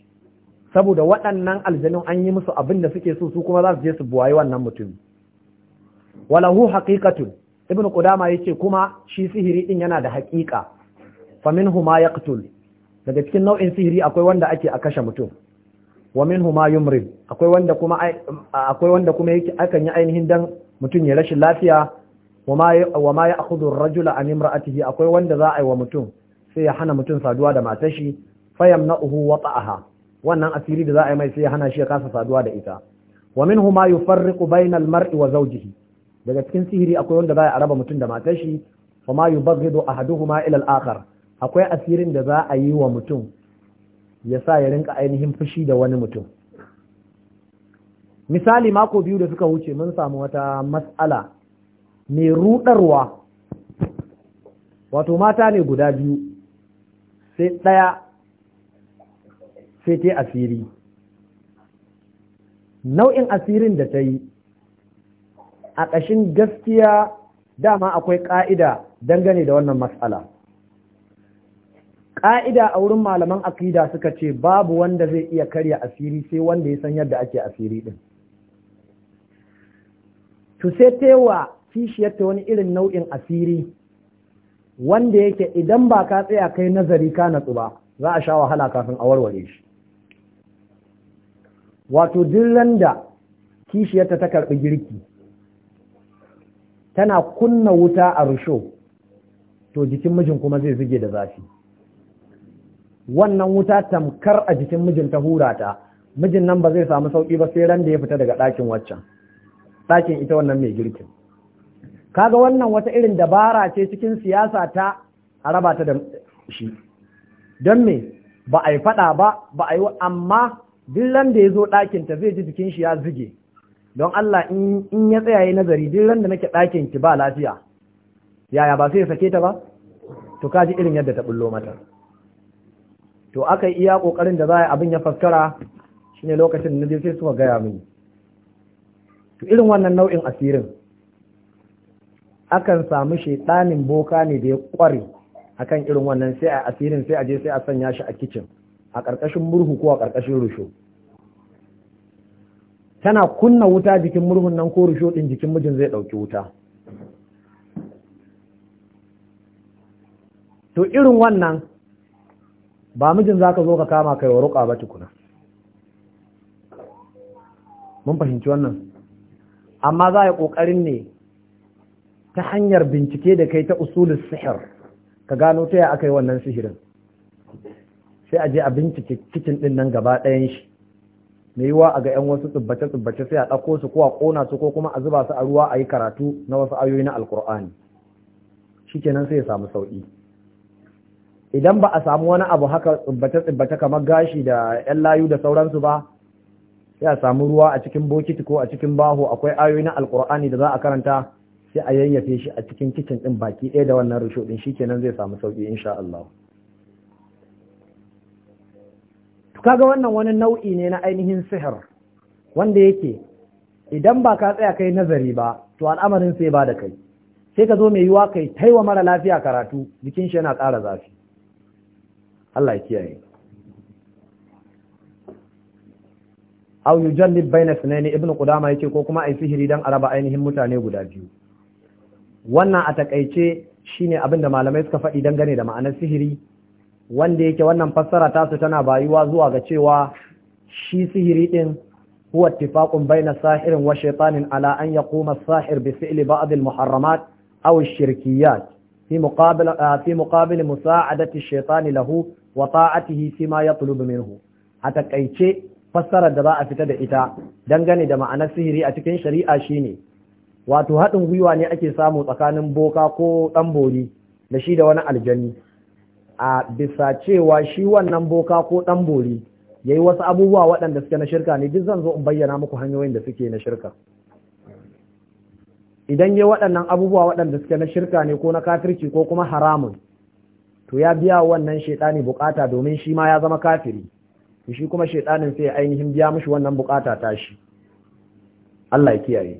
Speaker 1: saboda waɗannan aljanun an yi musu abin da suke so su kuma za su je su buwayi wannan mutum walahu haqiqatu ibn qudama yace kuma shi sihiri din yana da haqiqa famin huma yaqtul daga cikin nau'in sihiri akwai wanda ake a kashe mutum wa minhu ma yumrid akwai wanda kuma akwai wanda kuma yake akan yi ainihin dan mutum ya rashin lafiya wa ma ya'khudhu ar-rajula an imra'atihi akwai wanda za a yi wa mutum sai ya hana mutum saduwa da matar shi fayamna'uhu wata'aha wannan asiri da za a yi mai sai ya hana shi ya kasa saduwa da ita wa minhu ma yufarriqu bayna al-mar'i wa zawjihi daga cikin sihiri akwai wanda za a araba mutum da matar shi fa ma yubghidu ahaduhuma ila al-akhar akwai asirin da za a yi wa mutum ya sa ya rinka ainihin fushi da wani mutum misali mako biyu da suka wuce mun samu wata matsala mai rudarwa wato mata ne guda biyu sai ɗaya sai ta asiri nau'in asirin da ta yi a ƙashin gaskiya dama akwai ƙa'ida dangane da wannan matsala ƙa'ida a wurin malaman akida suka ce babu wanda zai iya karya asiri sai wanda ya san yadda ake asiri ɗin. To sai tewa kishiyarta wani irin nau'in asiri wanda yake idan ba ka tsaya kai nazari ka natsu ba za a sha wahala kafin a warware shi. Wato dillan da kishiyarta ta karɓi girki tana kunna wuta a rusho to jikin mijin kuma zai zige da zafi. wannan wuta tamkar a jikin mijin ta hura ta mijin nan ba zai samu sauki ba sai ran da ya fita daga ɗakin waccan ɗakin ita wannan mai girkin kaga wannan wata irin dabara ce cikin siyasa ta a ta da shi don me ba a yi faɗa ba ba a yi amma ran da ya zo ɗakin ta zai ji jikin shi ya zige don Allah in ya tsaya yi nazari ran da nake ɗakin ki ba lafiya yaya ba sai ya sake ta ba to kaji irin yadda ta bullo mata to aka yi iya kokarin da za a abin ya faskara shine lokacin na sai suka gaya mini to irin wannan nau'in asirin akan samu shaitanin boka ne da ya kware akan irin wannan sai a asirin sai a je sai a sanya shi a kicin a ƙarƙashin murhu ko a ƙarƙashin rusho tana kunna wuta jikin murhun nan ko rusho ɗin jikin mijin zai ɗauki wuta to irin wannan ba mijin za ka zo ka kama kai wa ruƙa ba tukuna mun fahimci wannan amma za a yi ƙoƙarin ne ta hanyar bincike da kai ta usulis sihir ka gano ta ya aka yi wannan sihirin sai a je a bincike cikin ɗin nan gaba ɗayan shi mai yiwa a ga 'yan wasu tsibbace tsubbace sai a ɗauko su ko a ƙona su ko kuma a zuba su a ruwa a yi karatu na wasu ayoyi na alkur'ani kenan sai ya samu sauƙi idan ba a samu wani abu haka tsibbace-tsibbace kamar gashi da ‘yan layu da sauransu ba sai a samu ruwa a cikin bokiti ko a cikin baho akwai ayoyi na alkur'ani da za a karanta sai a yayyafe shi a cikin kicin ɗin baki ɗaya da wannan rushe ɗin shi kenan zai samu sauƙi insha Allah. kaga wannan wani nau'i ne na ainihin sihir wanda yake idan ba ka tsaya kai nazari ba to al'amarin sai ba da kai sai ka zo mai yiwa kai taiwa mara lafiya karatu jikin shi yana ƙara zafi Allah ya kiyaye aw yujallib bayna sunayn ibn qudama yake ko kuma ai sihiri dan araba ainihin mutane guda biyu wannan a takaice shine abinda malamai suka faɗi dangane da ma'anar sihiri wanda yake wannan fassara tasu tana bayuwa zuwa ga cewa shi sihiri din huwa ittifaqun bayna sahirin wa shaytanin ala an yaquma as-sahir bi fi'li ba'd al-muharramat aw ash-shirkiyat fi muqabil fi muqabil musa'adati ash-shaytan lahu wa ta'atihi fi ma yatlubu minhu a takaice fassarar da za a fita da ita dangane da ma'anar sihiri a cikin shari'a shine wato haɗin gwiwa ne ake samu tsakanin boka ko ɗan bori da shi da wani aljani a bisa cewa shi wannan boka ko ɗan bori ya yi wasu abubuwa waɗanda suke na shirka ne duk zan zo in bayyana muku hanyoyin da suke na shirka idan ya waɗannan abubuwa waɗanda suke na shirka ne ko na kafirci ko kuma haramun to ya biya wannan shaitani bukata domin shi ma ya zama kafiri to shi kuma shaitanin sai ainihin biya mushi wannan bukata ta shi Allah ya kiyaye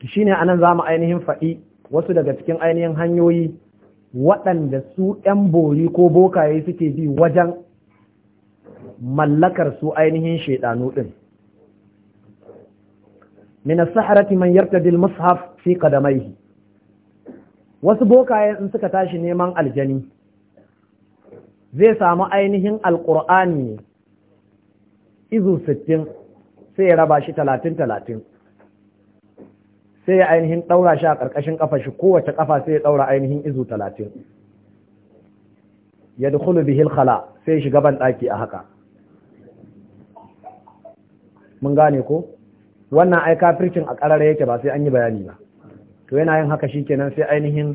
Speaker 1: to shine anan zamu ainihin faɗi wasu daga cikin ainihin hanyoyi waɗanda su ‘yan bori ko bokaye suke bi wajen mallakar su ainihin shaiɗanu ɗin. Mina sahrati man al mushaf fi qadamayhi wasu bokaye in suka tashi neman aljani zai samu ainihin alƙur'ani ne izu sittin sai ya raba shi talatin talatin sai ya ainihin ɗaura shi a ƙarƙashin ƙafa shi kowace ƙafa sai ya ɗaura ainihin izu talatin ya dukulu bihil khala sai shiga ban ɗaki a haka mun gane ko wannan aika firkin a ƙarare yake ba sai an yi bayani ba to yana yin haka shikenan sai ainihin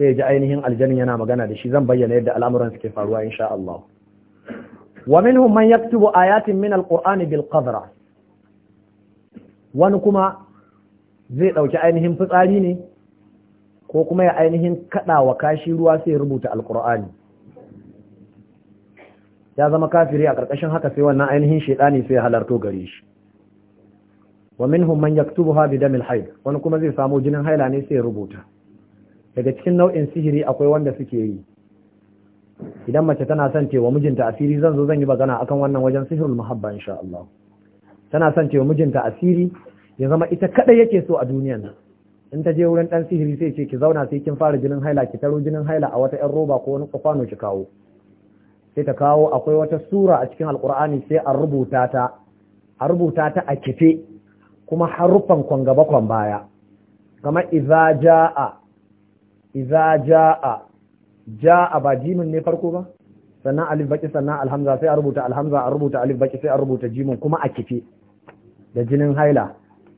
Speaker 1: sai ya ji ainihin aljanin yana magana da shi zan bayyana yadda al'amuran suke faruwa insha Allah wa minhum man yaktubu ayatin min alqur'ani bil qadra wani kuma zai dauki ainihin fitsari ne ko kuma ya ainihin kaɗawa kashi ruwa sai rubuta alqur'ani ya zama kafiri a karkashin haka sai wannan ainihin shedani sai halarto gare shi wa minhum man yaktubuha bi damil hayd wani kuma zai samu jinin haila ne sai ya rubuta daga cikin nau'in sihiri akwai wanda suke yi idan mace tana son cewa mijinta asiri zan zo zan yi magana akan wannan wajen sihirul muhabba insha Allah tana son cewa mijinta asiri ya zama ita kada yake so a duniyan in ta je wurin dan sihiri sai ce ki zauna sai kin fara jinin haila ki taro jinin haila a wata yan roba ko wani kwano ki kawo sai ta kawo akwai wata sura a cikin alkur'ani sai a rubuta ta a rubuta ta a kife kuma harufan kwan gaba baya kamar iza ja'a iza ja'a ja'a ba jimin ne farko ba sannan alif baki sannan alhamza sai a rubuta alhamza a rubuta alif baki sai a rubuta jimin kuma a kife da jinin haila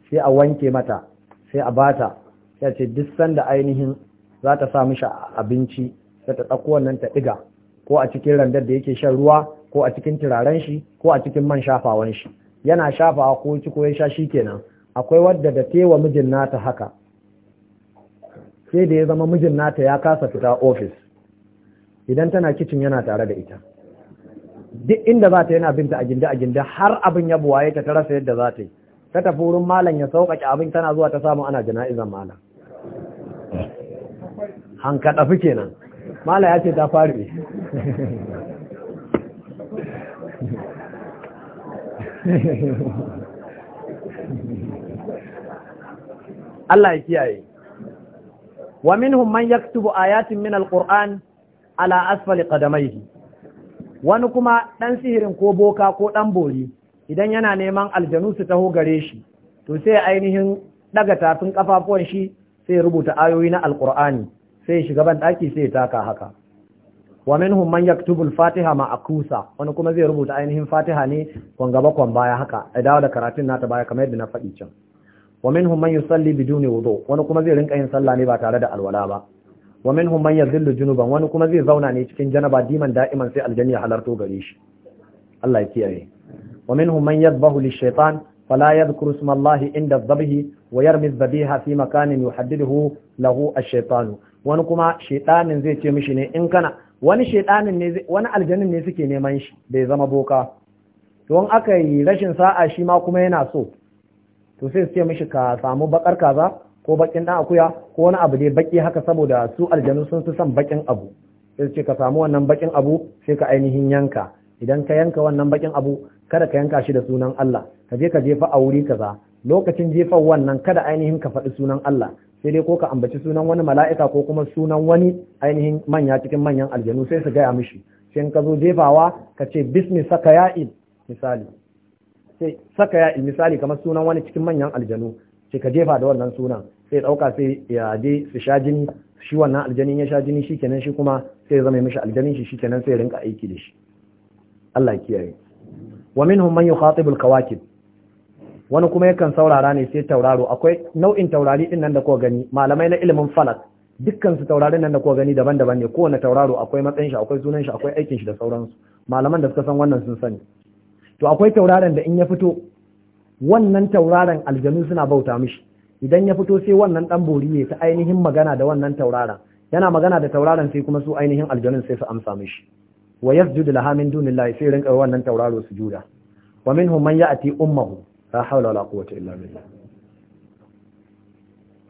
Speaker 1: sai a wanke mata sai a bata sai ce duk sanda ainihin za ta sa mishi abinci sai ta ɗauko wannan ta ɗiga ko a cikin randar da yake shan ruwa ko a cikin turaren shi ko a cikin man shafawan shi yana shafa ko ci ko ya sha shi kenan akwai wadda da tewa mijin nata haka sai da ya zama mijin nata ya kasa fita ofis idan tana kicin yana tare da ita duk inda za ta yana binta a ginda a ginda har abin ya buwaye ta ta rasa yadda za ta yi ta tafi wurin malam ya sauƙaƙe abin tana zuwa ta samu ana jana'izan malam fi kenan malam ya ce ta fari Allah ya kiyaye wa minhum man yaktubu ayatin min alquran ala asfali qadamayhi wani kuma dan sihirin ko boka ko dan bori idan yana neman aljanu su taho gare shi to sai ainihin daga tafin kafafuwan shi sai rubuta ayoyi na alqur'ani sai shiga ban daki sai taka haka wa minhum man yaktubu al-fatiha wani kuma zai rubuta ainihin fatiha ne kwangaba kwan baya haka a dawo da karatun nata baya kamar yadda na faɗi can wa minhum man yusalli biduni wudu wani kuma zai rinka yin sallah ne ba tare da alwala ba wa minhum man yadhillu junuban wani kuma zai zauna ne cikin janaba diman da'iman sai ya halarto gare shi Allah ya kiyaye wa minhum man yadhbahu lish-shaytan fala yadhkuru isma Allah inda adh-dhabhi wa yarmi dhabiha fi makanin yuhaddiduhu lahu ash-shaytanu wani kuma shaytanin zai ce mishi ne in kana wani shedanin ne wani aljanin ne suke neman shi bai zama boka to an aka yi rashin sa'a shi ma kuma yana so to sai su ce mishi ka samu bakar kaza ko bakin dan akuya ko wani abu dai baki haka saboda su aljanu sun fi son bakin abu sai su ce ka samu wannan bakin abu sai ka ainihin yanka idan ka yanka wannan bakin abu kada ka yanka shi da sunan Allah ka je ka jefa a wuri kaza lokacin jefan wannan kada ainihin ka faɗi sunan Allah sai dai ko ka ambaci sunan wani mala'ika ko kuma sunan wani ainihin manya cikin manyan aljanu sai su gaya mishi sai ka zo jefawa ka ce bismi saka ya'il misali sai saka ya'il misali kamar sunan wani cikin manyan aljanu sai ka jefa da wannan sunan sai ɗauka sai ya je su sha jini shi wannan aljanin ya sha jini shi kenan shi kuma sai zama mishi aljanin shi shi kenan sai rinka aiki da shi Allah kiyaye wa minhum man yukhatibul kawakib wani kuma yakan saurara ne sai tauraro akwai nau'in taurari din nan da kuka gani malamai na ilimin falak dukkan su taurarin nan da kuka gani daban-daban ne kowane tauraro akwai matsayin shi akwai sunan shi akwai aikin shi da sauransu malaman da suka san wannan sun sani to akwai tauraron da in ya fito wannan tauraron aljanu suna bauta mishi idan ya fito sai wannan dan bori ta ainihin magana da wannan tauraron yana magana da tauraron sai kuma su ainihin aljanu sai su amsa mishi wa yasjudu laha min dunillahi sai rinka wannan tauraro sujuda wa minhum man ya'ti ummuhu la haula wala quwwata illa billah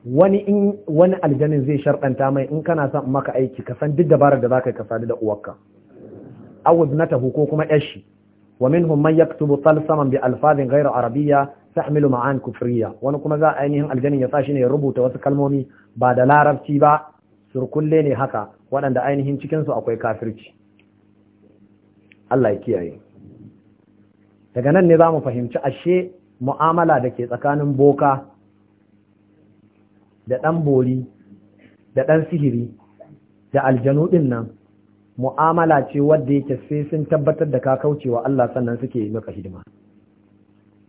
Speaker 1: wani in wani aljanin zai sharɗanta mai in kana son maka aiki ka san duk dabarar da zaka ka sadu da uwarka aw ibnatahu ko kuma yashi wa minhum man yaktubu talsaman bi alfazin ghayr arabiyya tahmilu ma'an kufuriya. wani kuma za ainihin aljanin ya sa shi ne ya rubuta wasu kalmomi ba da larabci ba surkulle ne haka waɗanda ainihin cikinsu akwai kafirci Allah ya kiyaye daga nan ne za mu fahimci ashe mu'amala da ke tsakanin boka da ɗan bori da ɗan sihiri da aljanu ɗin nan mu'amala ce wadda yake sai sun tabbatar da ka kaucewa Allah sannan suke yi maka hidima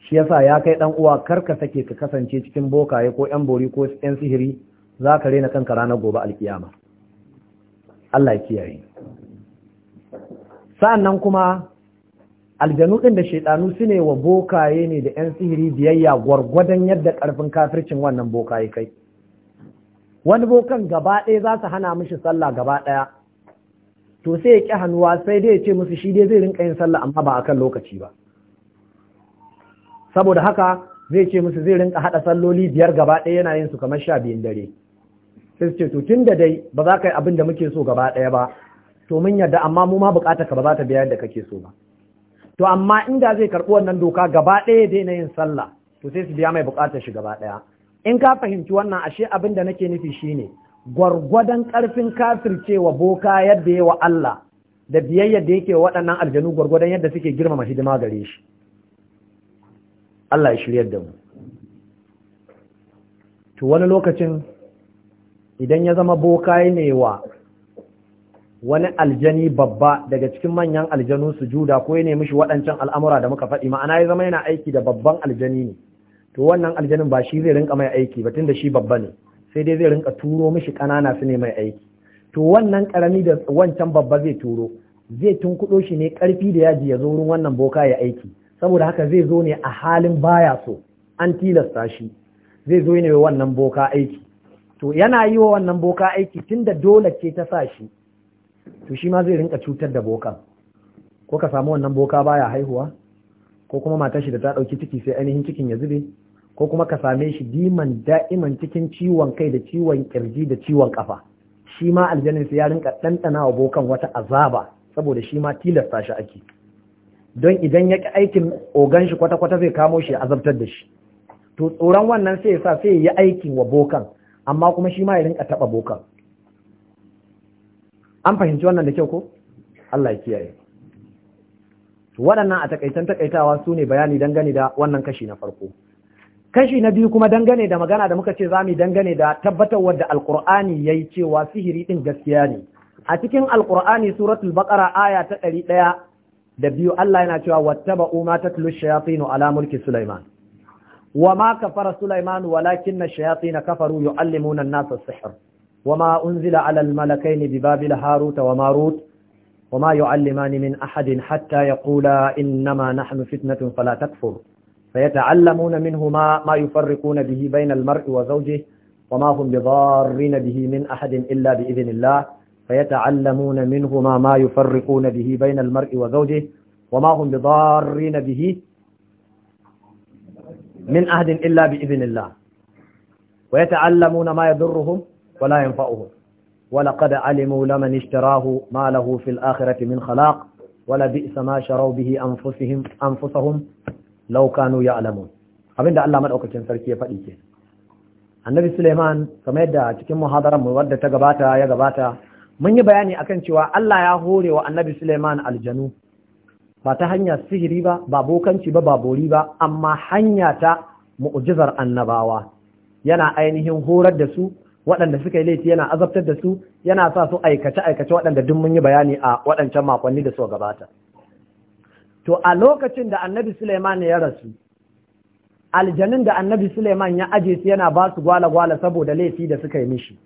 Speaker 1: shi yasa ya kai ɗan uwa kar ka sake ka kasance cikin bokaye ko yan bori ko yan sihiri za ka rena kanka ranar gobe alkiyama Allah ya kiyaye sa'annan kuma aljanu ɗin da shaiɗanu su ne wa bokaye ne da 'yan sihiri biyayya gwargwadon yadda ƙarfin kafircin wannan bokaye kai wani bokan gaba ɗaya za su hana mishi sallah gaba ɗaya to sai ya ƙi hannuwa sai dai ya ce musu shi dai zai rinka yin sallah amma ba a kan lokaci ba saboda haka zai ce musu zai rinka haɗa salloli biyar gaba ɗaya yana yin su kamar sha biyun dare sai su ce to tun da dai ba za ka yi abin da muke so gaba ɗaya ba to mun yarda amma mu ma buƙatar ka ba za ta biya yadda kake so ba to amma inda zai karɓi wannan doka gaba ɗaya daina yin sallah to sai su biya mai buƙatar shi gaba ɗaya in ka fahimci wannan ashe abin da nake nufi shine gwargwadon ƙarfin kafircewa boka yadda ya wa Allah da biyayyar da yake waɗannan aljanu gwargwadon yadda suke girmama hidima gare shi Allah ya shiryar da mu to wani lokacin idan ya zama boka ne wa wani aljani babba daga cikin manyan aljanu sujuda ko ya nemi shi waɗancan al'amura da muka faɗi ma'ana ya zama yana aiki da babban aljani ne to wannan aljanin ba shi zai rinka mai aiki ba tun da shi babba ne sai dai zai rinka turo mishi ƙanana su ne mai aiki to wannan ƙarami da wancan babba zai turo zai tunkuɗo shi ne ƙarfi da yaji ya zo wurin wannan boka ya aiki saboda haka zai zo ne a halin baya so an tilasta shi zai zo ne wannan boka aiki to yana yi wa wannan boka aiki tunda dole ce ta sa shi to shi ma zai rinka cutar da boka ko ka samu wannan boka baya haihuwa ko kuma matar shi da ta dauki ciki sai ainihin cikin ya zube ko kuma ka same shi diman da'iman cikin ciwon kai da ciwon kirji da ciwon kafa shi ma aljanin sai ya rinka ɗanɗana wa bokan wata azaba saboda shi ma tilasta shi ake don idan ya aikin ogan shi kwata-kwata zai kamo shi azabtar da shi to tsoron wannan sai ya sa sai ya yi aikin wa bokan amma kuma shi ma ya rinka taɓa bokan an fahimci wannan da kyau ko Allah ya kiyaye waɗannan a takaitan takaitawa su ne bayani dangane da wannan kashi na farko kashi na biyu kuma dangane da magana da muka ce za mu dangane da tabbatar da alkur'ani ya yi cewa sihiri ɗin gaskiya ne a cikin alkur'ani suratul baqara aya ta ɗari ɗaya da biyu Allah yana cewa wattaba'u ma tatlu shayatinu ala mulki sulaiman wa ma kafara sulaiman walakinna na kafaru yu'allimuna nasa as وما أنزل على الملكين ببابل هاروت وماروت وما يعلمان من أحد حتى يقولا إنما نحن فتنة فلا تكفر فيتعلمون منهما ما يفرقون به بين المرء وزوجه وما هم بضارين به من أحد إلا بإذن الله فيتعلمون منهما ما يفرقون به بين المرء وزوجه وما هم بضارين به من أحد إلا بإذن الله ويتعلمون ما يضرهم ولا ينفعه ولقد علموا لمن اشتراه ما له في الآخرة من خلاق ولبئس ما شروا به أنفسهم, أنفسهم لو كانوا يعلمون abinda Allah madaukakin sarki ya faɗi ke annabi Suleiman kamar yadda cikin muhadarar mu wadda ta gabata ya gabata mun yi bayani akan cewa Allah ya hore wa annabi Suleiman aljanu ba ta hanyar sihiri ba ba bokanci ba ba bori ba amma hanya ta mu'jizar annabawa yana ainihin horar da su waɗanda suka yi laifi yana azabtar da su yana sa su aikace aikace waɗanda duk mun yi bayani a waɗancan makonni da suka gabata to a lokacin da annabi Suleiman ya rasu aljanin da annabi Suleiman ya aje su yana ba su gwala gwala saboda laifi da suka yi mishi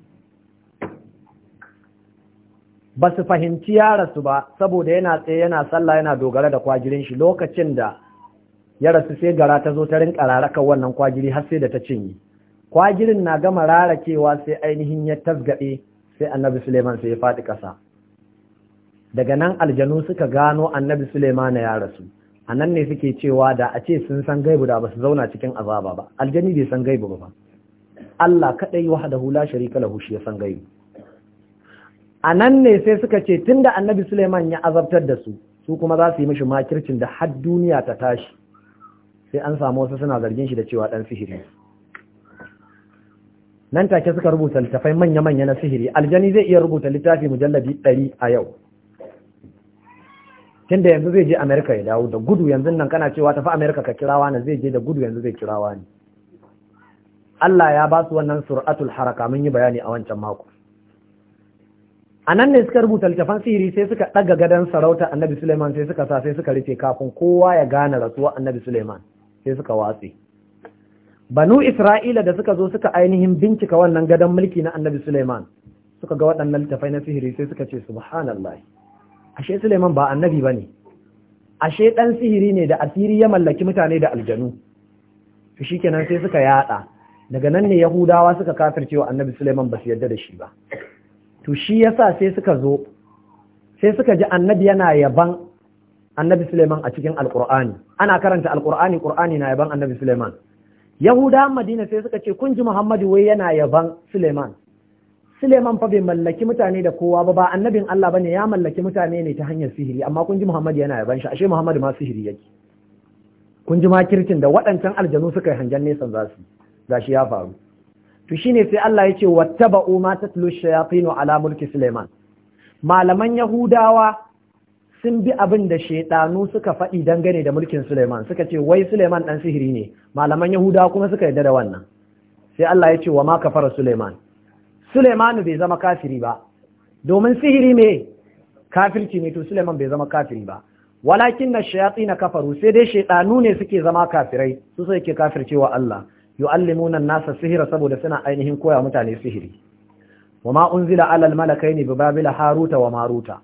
Speaker 1: ba su fahimci ya rasu ba saboda yana tsaye yana sallah yana dogara da kwajirin shi lokacin da ya rasu sai gara ta zo ta rinka rarakan wannan kwajiri har sai da ta cinye kwagirin na gama rarakewa sai ainihin ya tasgaɓe, sai annabi suleiman sai ya faɗi ƙasa daga nan aljanu suka gano annabi suleiman ya rasu a nan ne suke cewa da a ce sun san gaibu da ba su zauna cikin azaba ba aljani bai san gaibu ba Allah kaɗai wahdahu hula sharika lahu hushi ya san gaibu a nan ne sai suka ce tunda annabi suleiman ya azabtar da su su kuma za su yi mishi makircin da har duniya ta tashi sai an samu wasu suna zargin shi da cewa ɗan sihiri nan take suka rubuta littafai manya-manya na sihiri aljani zai iya rubuta littafi mujallabi ɗari a yau tunda yanzu zai je amerika ya dawo da gudu yanzu nan kana cewa tafi amerika ka kirawa na zai je da gudu yanzu zai kirawa ne Allah ya ba su wannan suratul haraka mun yi bayani a wancan mako a nan ne suka rubuta littafan sihiri sai suka ɗaga gadon sarauta annabi suleiman sai suka sa sai suka rufe kafin kowa ya gane rasuwa annabi suleiman sai suka watse banu isra'ila da suka zo suka ainihin bincika wannan gadon mulki na annabi suleiman suka ga waɗannan littafai na sihiri sai suka ce subhanallah ashe suleiman ba annabi ba ne ashe ɗan sihiri ne da asiri ya mallaki mutane da aljanu to shikenan sai suka yaɗa daga nan ne yahudawa suka kafircewa annabi suleiman ba su yarda da shi ba to shi yasa sai suka zo sai suka ji annabi yana yaban annabi suleiman a cikin Alƙur'ani. ana karanta Alƙur'ani, qur'ani na yaban annabi suleiman yahuda madina sai suka ce kun ji muhammadu wai yana yaban suleiman suleiman fa bai mallaki mutane da kowa ba ba annabin allah bane ya mallaki mutane ne ta hanyar sihiri amma kun ji muhammadu yana yaban shi ashe muhammadu ma sihiri yake kun ji kirkin da waɗancan aljanu suka yi hangen nesan za su shi ya faru to shine sai Allah ya ce wattaba'u ma tatlu fi ala mulki Suleiman. malaman Yahudawa sun bi abin da shaidanu suka faɗi dangane da mulkin Suleiman suka ce wai Suleiman ɗan sihiri ne malaman Yahuda kuma suka yarda da wannan sai Allah ya ce wa ma kafara Suleiman Suleimanu bai zama kafiri ba domin sihiri me kafirci ne to Suleiman bai zama kafiri ba walakin na shayatsi na kafaru sai dai shaidanu ne suke zama kafirai su sai ke kafircewa Allah yu'allimuna nasa sihira saboda suna ainihin koya mutane sihiri wa ma unzila alal malakaini bi babila haruta wa maruta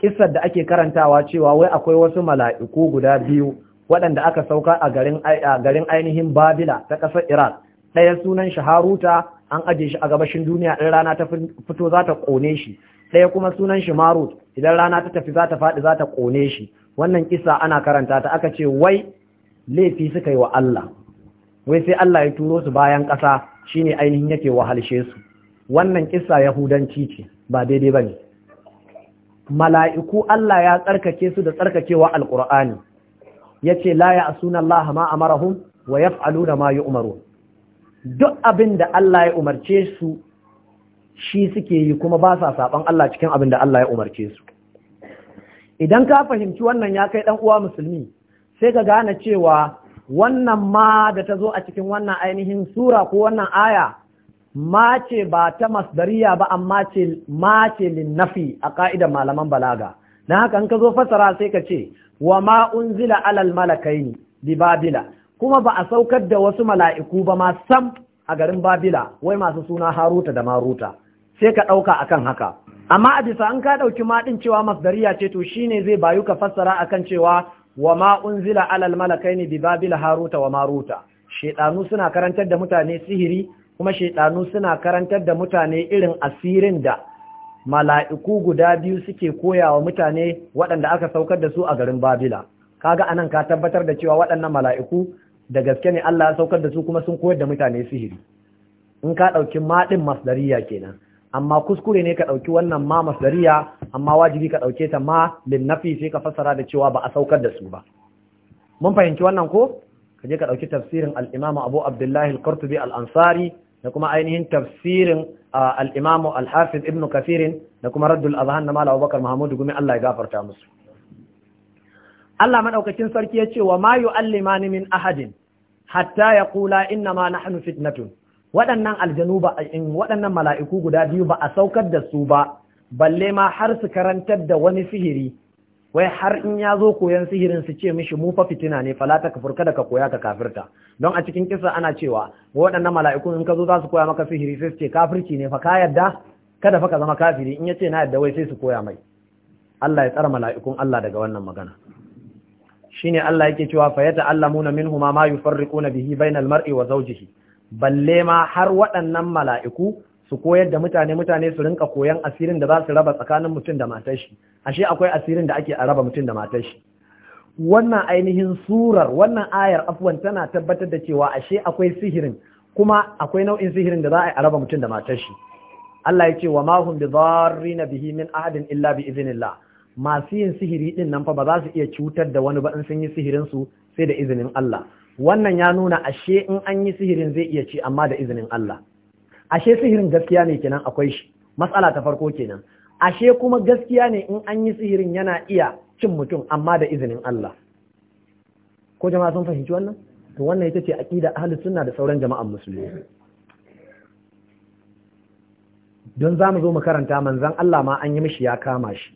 Speaker 1: kisar da ake karantawa cewa wai akwai wasu mala'iku guda biyu waɗanda aka sauka a garin garin ainihin Babila ta ƙasar Iraq ɗaya sunan shi Haruta an aje shi a gabashin duniya ɗan rana ta fito za ta ƙone shi ɗaya kuma sunan shi Marut idan rana ta tafi za ta faɗi za ta ƙone shi wannan kisa ana karanta ta aka ce wai laifi suka yi wa Allah wai sai Allah ya turo su bayan ƙasa shine ainihin yake wahalshe su wannan kisa yahudanci ce ba daidai bane mala'iku Allah ya tsarkake su da tsarkakewa alqur'ani yace la ya'suna Allah ma amarahum wa yaf'aluna ma umaru duk abin da Allah ya umarce su shi suke yi kuma ba sa saban Allah cikin abin da Allah ya umarce su idan ka fahimci wannan ya kai dan uwa musulmi sai ka gane cewa wannan ma da ta zo a cikin wannan ainihin sura ko wannan aya Mace ba ta masdariya ba amma ce ma ce linnafi a ka'ida malaman balaga na haka in ka zo fasara sai ka ce wa ma unzila alal malakaini bi babila kuma ba a saukar da wasu mala'iku ba ma sam a garin babila wai masu suna haruta da maruta sai ka ɗauka akan haka amma a bisa an ka ɗauki maɗin cewa masdariya ce to shine zai bayu ka fassara akan cewa wa ma unzila alal malakaini bi babila haruta wa maruta shedanu suna karantar da mutane sihiri kuma shaidanu suna karantar da mutane irin asirin da mala'iku guda biyu suke koyawa mutane waɗanda aka saukar da su a garin babila kaga anan ka tabbatar da cewa waɗannan mala'iku da gaske ne Allah ya saukar da su kuma sun koyar da mutane sihiri in ka ɗauki maɗin masdariya kenan amma kuskure ne ka ɗauki wannan ma masdariya amma wajibi ka ɗauke ta ma linnafi sai ka fassara da cewa ba a saukar da su ba mun fahimci wannan ko ka je ka ɗauki tafsirin al-Imam Abu Abdullahi al-Qurtubi al-Ansari da kuma ainihin tafsirin al-imamu ibn kafirin da kuma raddul azhan na malam abubakar gumi Allah ya gafarta musu Allah madaukakin sarki ya ce wa ma ni min ahadin hatta ya kula inna ma nahnu fitnatun waɗannan aljanu ba in waɗannan mala'iku guda biyu ba a saukar da su ba balle ma har su karantar da wani sihiri wai har in ya zo koyan sihirin su ce mishi mu fa fitina ne falata ta kafurka da ka koya ka kafirta don a cikin kisa ana cewa waɗannan mala'ikun in ka zo za su koya maka sihiri sai su ce kafirci ne fa ka yadda kada fa ka zama kafiri in ya ce na yadda wai sai su koya mai Allah ya tsara mala'ikun Allah daga wannan magana shine Allah yake cewa fa yata'allamuna minhuma ma yufarriquna bihi bainal mar'i wa zawjihi balle ma har waɗannan mala'iku su koyar da mutane mutane su rinka koyan asirin da za su raba tsakanin mutum da matar shi ashe akwai asirin da ake a raba mutum da matar shi wannan ainihin surar wannan ayar afwan tana tabbatar da cewa ashe akwai sihirin kuma akwai nau'in sihirin da za a raba mutum da matar shi Allah ya ce wa ma hum bidarrina bihi min ahadin illa bi iznillah masu yin sihiri din nan fa ba za su iya cutar da wani ba in sun yi sihirin su sai da izinin Allah wannan ya nuna ashe in an yi sihirin zai iya ci amma da izinin Allah ashe sihirin gaskiya ne kenan akwai shi matsala ta farko kenan ashe kuma gaskiya ne in an yi sihirin yana iya cin mutum amma da izinin Allah ko jama'a sun fahimci wannan to wannan ita ce aqida ahli sunna da sauran jama'an musulmi don za zo mu karanta manzan Allah ma an yi mishi ya kama shi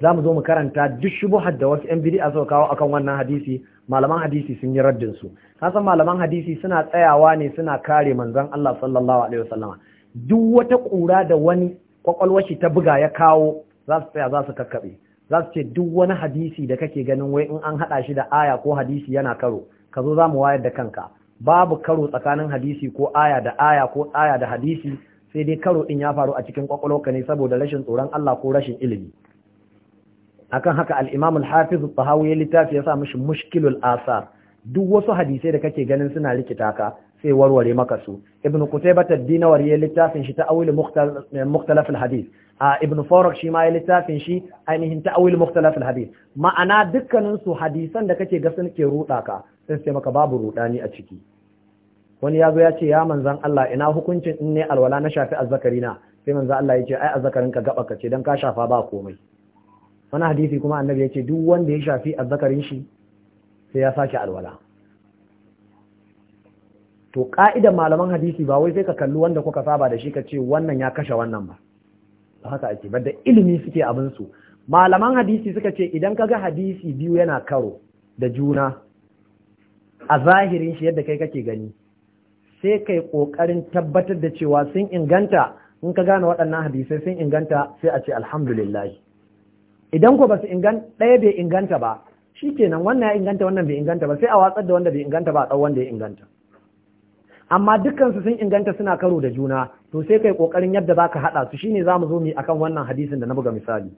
Speaker 1: za mu zo mu karanta duk shubuhar da wasu 'yan bid'a suka kawo akan wannan hadisi malaman hadisi sun yi raddin su kasan malaman hadisi suna tsayawa ne suna kare manzon Allah sallallahu alaihi wasallama duk wata kura da wani kwakwalwar shi ta buga ya kawo za su tsaya za su kakkabe za su ce duk wani hadisi da kake ganin wai in an hada shi da aya ko hadisi yana karo ka zo za mu wayar da kanka babu karo tsakanin hadisi ko aya da aya ko aya da hadisi sai dai karo din ya faru a cikin kwakwalwarka ne saboda rashin tsoron Allah ko rashin ilimi akan haka Al'imam imam bahawu ya littafi ya sa mishi mushkilul asar duk wasu hadisai da kake ganin suna rikita ka sai warware maka su ibn qutaybah ad-dinawar ya littafin shi ta Awil al Hadis. a ibn farak shi ma ya littafin shi ainihin ta Awil al Hadis. ma'ana dukkaninsu hadisan da kake ga sun ke ruda ka sai sai maka babu ruɗani a ciki wani ya zo ya ce ya manzan Allah ina hukuncin in ne alwala na shafi azzakari na sai manzan Allah ya ce ai azzakarin ka gaɓa ka ce dan ka shafa ba komai wani hadisi kuma annabi ya ce duk wanda ya shafi azzakarin shi sai ya sake alwala to ka'idan malaman hadisi ba wai sai ka kalli wanda kuka saba da shi ka ce wannan ya kashe wannan ba ba haka ake ba da ilimi suke abin su malaman hadisi suka ce idan ka ga hadisi biyu yana karo da juna a zahirin shi yadda kai kake gani sai kai kokarin tabbatar da cewa sun inganta in ka gane waɗannan hadisai sun inganta sai a ce alhamdulillah idan ko ba su inganta ɗaya bai inganta ba shi kenan wannan ya inganta wannan bai inganta ba sai a watsar da wanda bai inganta ba a tsawon da ya inganta amma dukkansu sun inganta suna karo da juna to sai kai kokarin yadda za ka haɗa su za mu zo mu akan wannan hadisin da na buga misali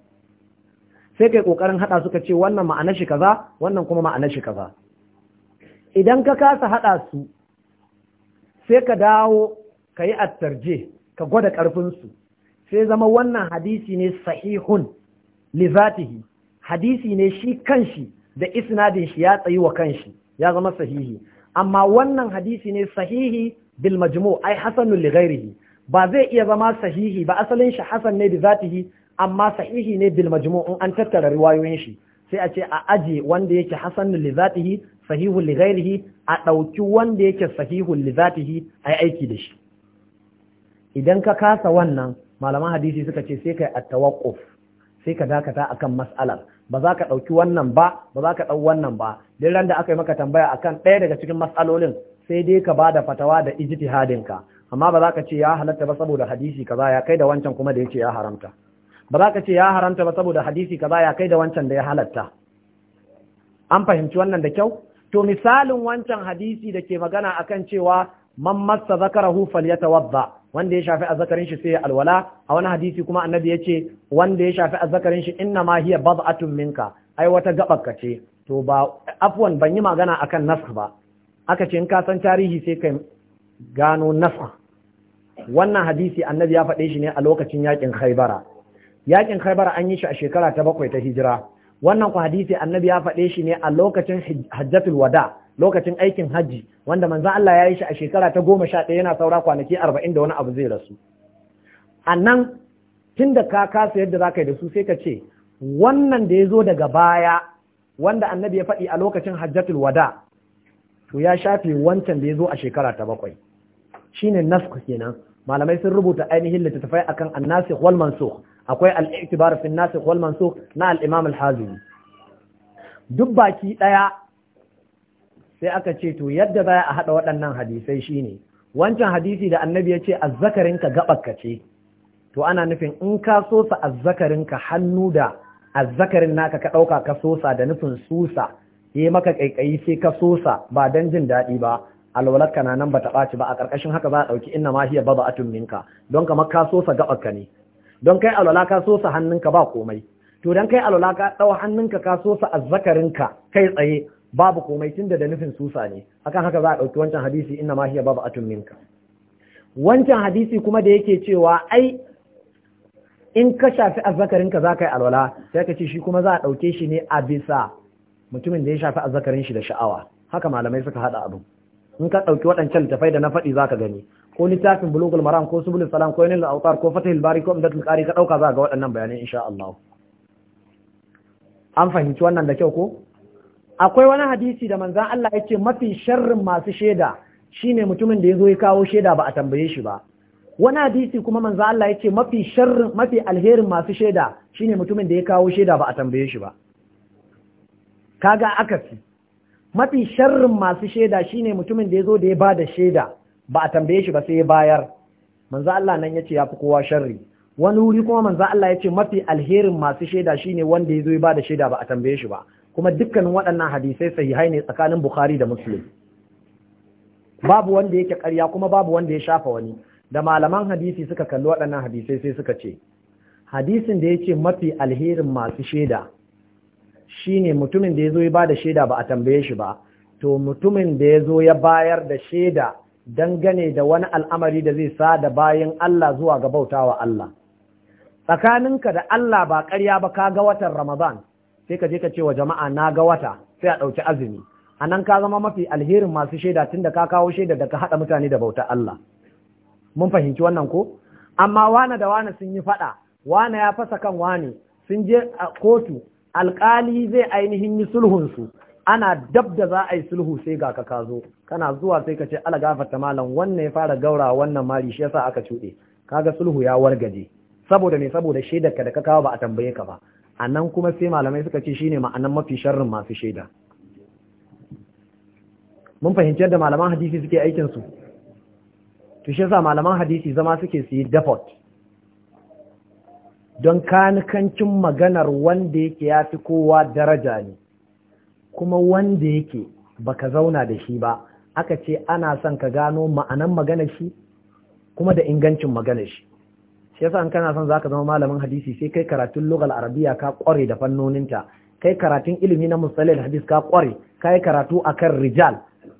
Speaker 1: sai kai kokarin haɗa su ka ce wannan ma'anar shi kaza wannan kuma ma'anar shi kaza idan ka kasa haɗa su sai ka dawo ka yi attarje ka gwada ƙarfinsu, sai zama wannan hadisi ne sahihun lizatihi hadisi ne shi kanshi da isnadin shi ya tsayi wa kanshi ya zama sahihi amma wannan hadisi ne sahihi bil majmu ai hasanun li ba zai iya zama sahihi ba asalin shi hasan ne bi zatihi amma sahihi ne bil majmu in an tattara riwayoyin shi sai a ce a aje wanda yake hasanun li zatihi sahihun li ghairihi a dauki wanda yake sahihun li zatihi ai aiki da shi idan ka kasa wannan malaman hadisi suka ce sai kai at-tawaqquf sai ka dakata akan mas'alar ba za ka ɗauki wannan ba ba za ka ɗau wannan ba duk ran da aka yi maka tambaya akan ɗaya daga cikin mas'alolin sai dai ka bada fatawa da ijtihadin ka amma ba za ka ce ya halatta ba saboda hadisi kaza ya kai da wancan kuma da yace ya haramta ba za ka ce ya haramta ba saboda hadisi kaza ya kai da wancan da ya halatta an fahimci wannan da kyau to misalin wancan hadisi da ke magana akan cewa man massa zakarahu falyatawadda wanda ya shafi azzakarin shi sai alwala a wani hadisi kuma annabi ya ce wanda ya shafi azzakarin shi inna ma hiya bad'atun minka ai wata gabakka ce to ba afwan ban yi magana akan nasakh ba aka ce in ka san tarihi sai kai gano nasakh wannan hadisi annabi ya faɗe shi ne a lokacin yakin khaybara yakin khaybara an yi shi a shekara ta bakwai ta hijira wannan ku hadisi annabi ya faɗe shi ne a lokacin hajjatul wada' lokacin aikin hajji wanda manzan Allah ya yi shi a shekara ta goma sha ɗaya yana saura kwanaki arba'in da wani abu zai rasu a nan tun da ka kasa yadda za ka yi da su sai ka ce wannan da ya zo daga baya wanda annabi ya faɗi a lokacin hajjatul wada to ya shafe wancan da ya zo a shekara ta bakwai shine nasku kenan malamai sun rubuta ainihin littattafai akan annasikh wal mansukh akwai al-i'tibar fi an-nasikh wal mansukh na al-imam duk baki ɗaya. sai aka ce to yadda za a haɗa waɗannan hadisai shine wancan hadisi da annabi ya ce azzakarinka gaɓaka ce to ana nufin in ka sosa azzakarinka hannu da azzakarin naka ka ɗauka ka sosa da nufin susa yi maka ƙaiƙayi sai ka sosa ba don jin daɗi ba alwalarka na nan ba ta ɓaci ba a ƙarƙashin haka za a ɗauki inna ma hiya baba atun minka don kamar ka sosa ne don kai alwala ka sosa hannunka ba komai to don kai alwala ka ɗau hannunka ka sosa azzakarinka kai tsaye babu komai tunda da nufin susa ne akan haka za a ɗauki wancan hadisi inna ma hiya babu atun minka wancan hadisi kuma da yake cewa ai in ka shafi azzakarin ka za ka yi alwala sai ka ce shi kuma za a ɗauke shi ne a mutumin da ya shafi azzakarin shi da sha'awa haka malamai suka haɗa abu in ka ɗauki waɗancan littafai da na faɗi za ka gani ko littafin bulugul maram ko subul salam ko al autar ko fatahil bari ko amdatul qari ka ɗauka za ga waɗannan bayanai insha Allah an fahimci wannan da kyau ko akwai wani hadisi da manzan Allah ya ce mafi sharrin masu shaida shine mutumin da ya zo ya kawo shaida ba a tambaye shi ba wani hadisi kuma manzan Allah ya ce mafi sharrin mafi alherin masu shaida shine mutumin da ya kawo shaida ba a tambaye shi ba kaga akasi mafi sharrin masu shaida shine mutumin da ya zo da ya bada shaida ba a tambaye shi ba sai ya bayar manzan Allah nan ya ce ya fi kowa sharri wani wuri kuma manzan Allah ya ce mafi alherin masu shaida shine wanda ya zo ya ba shaida ba a tambaye shi ba kuma dukkanin waɗannan hadisai sahihai ne tsakanin bukhari da muslim babu wanda yake ƙarya kuma babu wanda ya shafa wani da malaman hadisi suka kalli waɗannan hadisai sai suka ce hadisin da ya mafi alherin masu shaida shine mutumin da ya zo ya bada da shaida ba a tambaye shi ba to mutumin da ya zo ya bayar da shaida dangane da wani al'amari da zai sa da bayan Allah zuwa ga bautawa Allah tsakaninka da Allah ba ƙarya ba ka ga watan Ramadan sai ka je ka ce wa jama'a na ga wata sai a ɗauki azumi a nan ka zama mafi alherin masu shaida tun da ka kawo shaida da ka haɗa mutane da bautar Allah mun fahimci wannan ko amma wane da wane sun yi faɗa wane ya fasa kan wane sun je a kotu alƙali zai ainihin yi sulhunsu. ana dab da za a yi sulhu sai ga ka kazo kana zuwa sai ka ce ala gafarta malam wannan ya fara gaura wannan mari shi yasa aka cuɗe kaga sulhu ya wargaje saboda me saboda shaidar ka da ka kawo ba a tambaye ka ba a nan kuma sai malamai suka ce shine ma'anan mafi sharrin masu shaida mun fahimci yadda malaman hadisi suke aikinsu. su to shi sa malaman hadisi zama suke su yi default don kanikancin maganar wanda yake ya fi kowa daraja ne kuma wanda yake baka zauna da shi ba aka ce ana son ka gano ma'anan maganar shi kuma da ingancin maganar shi shi yasa an kana son za ka zama malamin hadisi sai kai karatun lugal arabiya ka kware da fannoninta kai karatun ilimi na musalil hadis ka kware kai karatu a kan rijal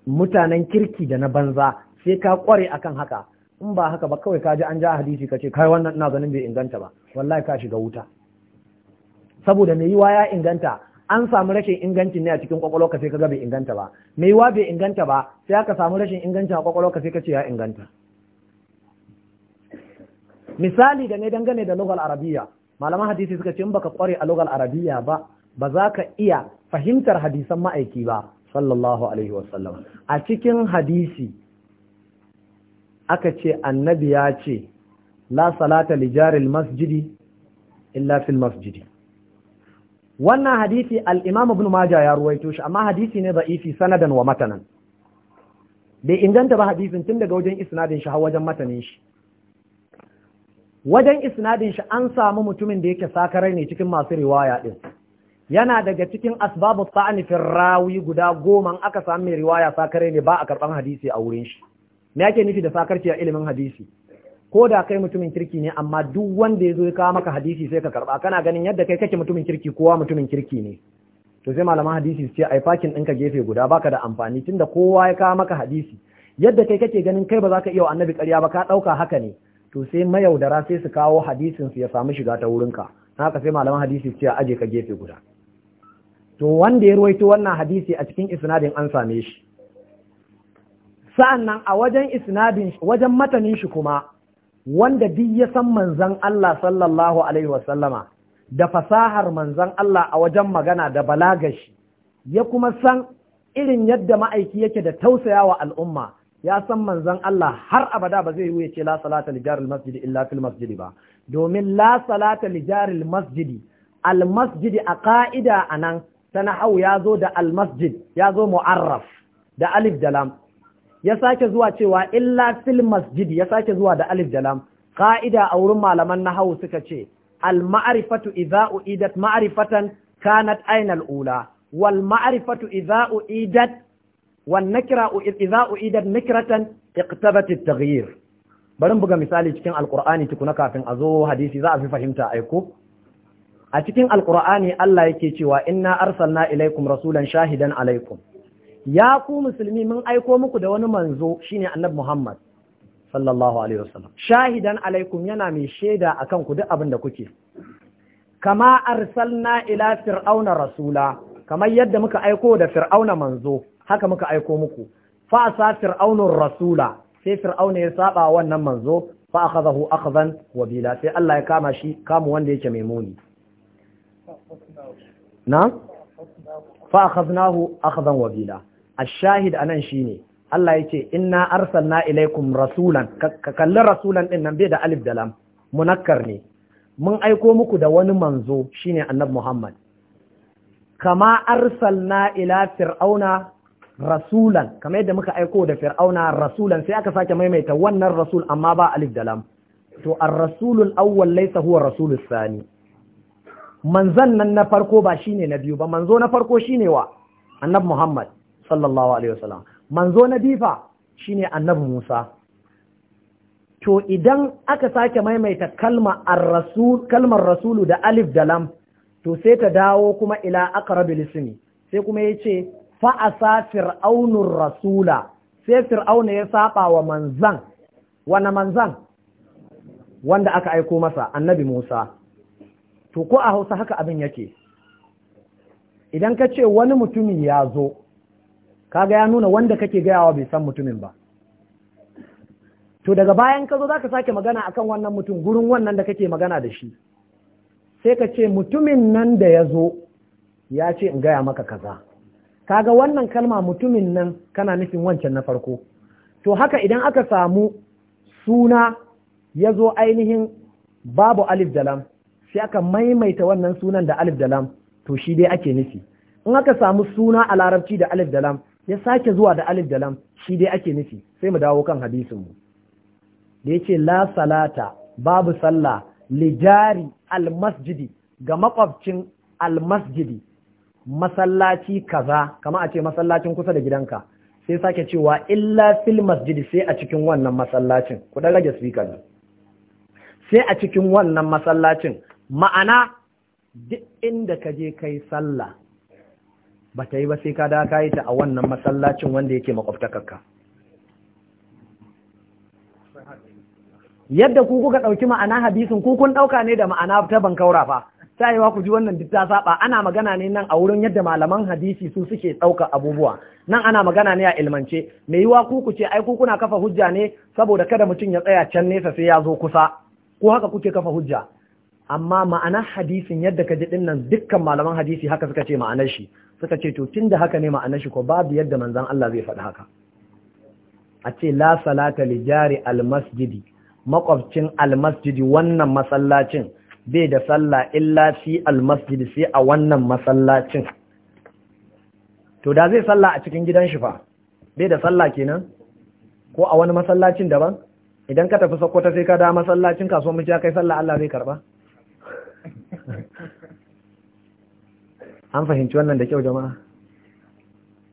Speaker 1: mutanen kirki da na banza sai ka kware akan haka in ba haka ba kawai ka ji an ja hadisi ka ce kai wannan ina ganin bai inganta ba wallahi ka shiga wuta saboda mai yiwa ya inganta an samu rashin ingancin ne a cikin kwakwalwarka sai ka ga bai inganta ba mai yiwa bai inganta ba sai aka samu rashin ingancin a kwakwalwarka sai ka ce ya inganta misali da ne dangane da lugal arabiya malaman hadisi suka ce in baka kware a lugal arabiya ba ba za ka iya fahimtar hadisan ma'aiki ba sallallahu alaihi wasallam a cikin hadisi aka ce annabi ya ce la salata li jaril masjidi illa fil masjidi wannan hadisi al-imam ibn majah ya ruwaito shi amma hadisi ne da'ifi sanadan wa matanan bai inganta ba hadisin tun daga wajen isnadin shi har wajen matanin shi wajen isnadin shi an samu mutumin da yake sakarai ne cikin masu riwaya din yana daga cikin asbabu ta'ani rawi guda goma aka samu mai riwaya sakarai ne ba a karban hadisi a wurin shi me yake nufi da sakarci a ilimin hadisi ko da kai mutumin kirki ne amma duk wanda ya zo ya kawo maka hadisi sai ka karɓa. kana ganin yadda kai kake mutumin kirki kowa mutumin kirki ne to sai malaman hadisi su ce ai fakin ɗinka gefe guda baka da amfani tunda kowa ya kawo maka hadisi yadda kai kake ganin kai ba za ka iya wa annabi ƙarya ba ka ɗauka haka ne to sai mayaudara sai su kawo hadisin ya samu shiga ta wurinka haka sai malaman hadisi ce aje ka gefe guda to wanda ya ruwaito wannan hadisi a cikin isnadin an same shi sa'annan a wajen isnadin wajen matanin shi kuma wanda duk ya san manzon Allah sallallahu alaihi wasallama da fasahar manzon Allah a wajen magana da balagashi ya kuma san irin yadda ma'aiki yake da tausayawa al'umma ya san manzon Allah har abada ba zai ya ce la salata li jaril masjidi illa fil masjidi ba domin la salata li jaril masjidi al masjidi a ka'ida anan sana'au ya zo da al masjid ya zo mu'arraf da alif da lam ya sake zuwa cewa illa fil masjidi ya sake zuwa da alif da lam ka'ida a wurin malaman nahawu suka ce al ma'rifatu idza uidat ma'rifatan kanat ainal ula wal ma'rifatu idza uidat wan nakira idza uidat nakratan iqtabat at-taghyir bari buga misali cikin alqur'ani tukuna kafin a zo hadisi za a fi fahimta aiko a cikin alqur'ani Allah yake cewa inna arsalna ilaikum rasulan shahidan alaykum' ya ku musulmi mun aiko muku da wani manzo shine annabi Muhammad sallallahu alaihi wasallam shahidan alaykum yana mai shaida akan ku duk abin da kuke kama arsalna ila fir'auna rasula kamar yadda muka aiko da fir'auna manzo haka muka aiko muku fa sa fir'aunur rasula sai fir'auna ya saba wannan manzo fa akhadahu akhzan wabila sai Allah ya kama shi kama wanda yake mai muni na fa akhadnahu akhzan wabila ash-shahid anan shine Allah yace inna arsalna ilaikum rasulan ka kalli rasulan din nan bai da alif da lam munakkar ne mun aiko muku da wani manzo shine annabi Muhammad kama arsalna ila fir'auna rasulan kamar yadda muka aiko da fir'auna rasulan sai aka sake maimaita wannan rasul amma ba alif da lam to ar-rasulul awwal laysa huwa rasulus sani manzan nan na farko ba shine na biyu ba manzo na farko shine wa annabi Muhammad sallallahu alaihi wasallam manzo na bifa shine annabi Musa to idan aka sake maimaita kalma ar-rasul kalmar rasulu da alif da lam to sai ta dawo kuma ila aqrabil ismi sai kuma yace fa'asa fir'aunun rasula sai fir'auna ya saba wa manzan wani manzan wanda aka aiko masa annabi musa to ko a hausa haka abin yake idan ka ce wani mutumi ya zo kaga ya nuna wanda kake gayawa bai san mutumin ba to daga bayan ka zo za ka sake magana akan wannan mutum gurin wannan da kake magana da shi sai ka ce mutumin nan da ya zo ya ce in gaya maka kaza kaga wannan kalma mutumin nan kana nufin wancan na farko to haka idan aka samu suna ya zo ainihin babu alif da lam sai aka maimaita wannan sunan da alif da lam to shi dai ake nufi in aka samu suna a larabci da alif da lam ya sake zuwa da alif da lam shi dai ake nufi sai mu dawo kan hadisin mu da yace la salata babu sallah lijari almasjidi ga makwabcin almasjidi masallaci kaza kama a ce masallacin kusa da gidanka sai sake cewa illa fil masjidi sai a cikin wannan masallacin ku dan rage speaker ne sai a cikin wannan masallacin ma'ana duk inda ka je kai sallah ba ta yi ba sai ka da ka yi ta a wannan masallacin wanda yake makwabtakarka yadda ku kuka ɗauki ma'ana hadisin ku kun ɗauka ne da ma'ana ta bankaura fa wa ku ji wannan duk saba ana magana ne nan a wurin yadda malaman hadisi su suke ɗauka abubuwa nan ana magana ne a ilmance mai yiwa ku ku ce ai ku kuna kafa hujja ne saboda kada mutum ya tsaya can nesa sai ya zo kusa ko haka kuke kafa hujja amma ma'anar hadisin yadda ka ji din nan dukkan malaman hadisi haka suka ce ma'anar shi suka ce to tunda haka ne ma'anar shi ko babu yadda manzon Allah zai faɗi haka a ce la salata li jari al masjidi makwabcin al masjidi wannan masallacin bai da sallah illa fi almasjid sai a wannan masallacin to da zai sallah a cikin gidan shi fa bai da sallah kenan ko a wani masallacin daban idan ka tafi Sokoto sai ka da masallacin kasuwar mu kai sallah Allah zai karba an fahimci wannan da kyau jama'a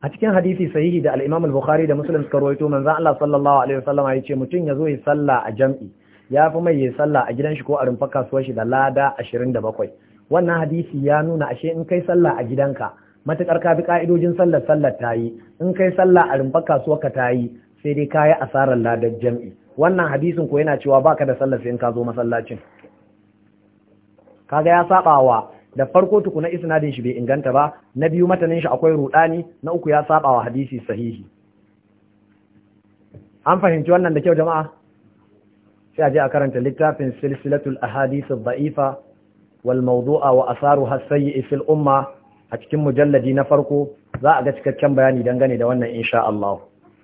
Speaker 1: a cikin hadisi sahihi da al-Imam al-Bukhari da Muslim suka rawaito manzo Allah sallallahu alaihi wasallam ya ce mutum ya zo ya sallah a jam'i ya fi mai yi sallah a gidan shi ko a rumfar kasuwar shi da lada ashirin bakwai. wannan hadisi ya nuna ashe in kai sallah a gidanka matukar ka bi ka'idojin sallar sallar ta yi in kai sallah a rumfar kasuwar ka ta yi sai dai ka yi asarar ladar jam'i wannan hadisin ko yana cewa baka da sallar sai in ka zo masallacin kaga ya saba wa da farko tukuna isnadin shi bai inganta ba na biyu matanin shi akwai rudani na uku ya saba wa hadisi sahihi an fahimci wannan da kyau jama'a sai a je a karanta littafin silsilatul ahadith ad-da'ifa wal mawdu'a wa asaruha as ya fil umma a cikin mujalladi na farko za a ga cikakken bayani dangane da wannan insha Allah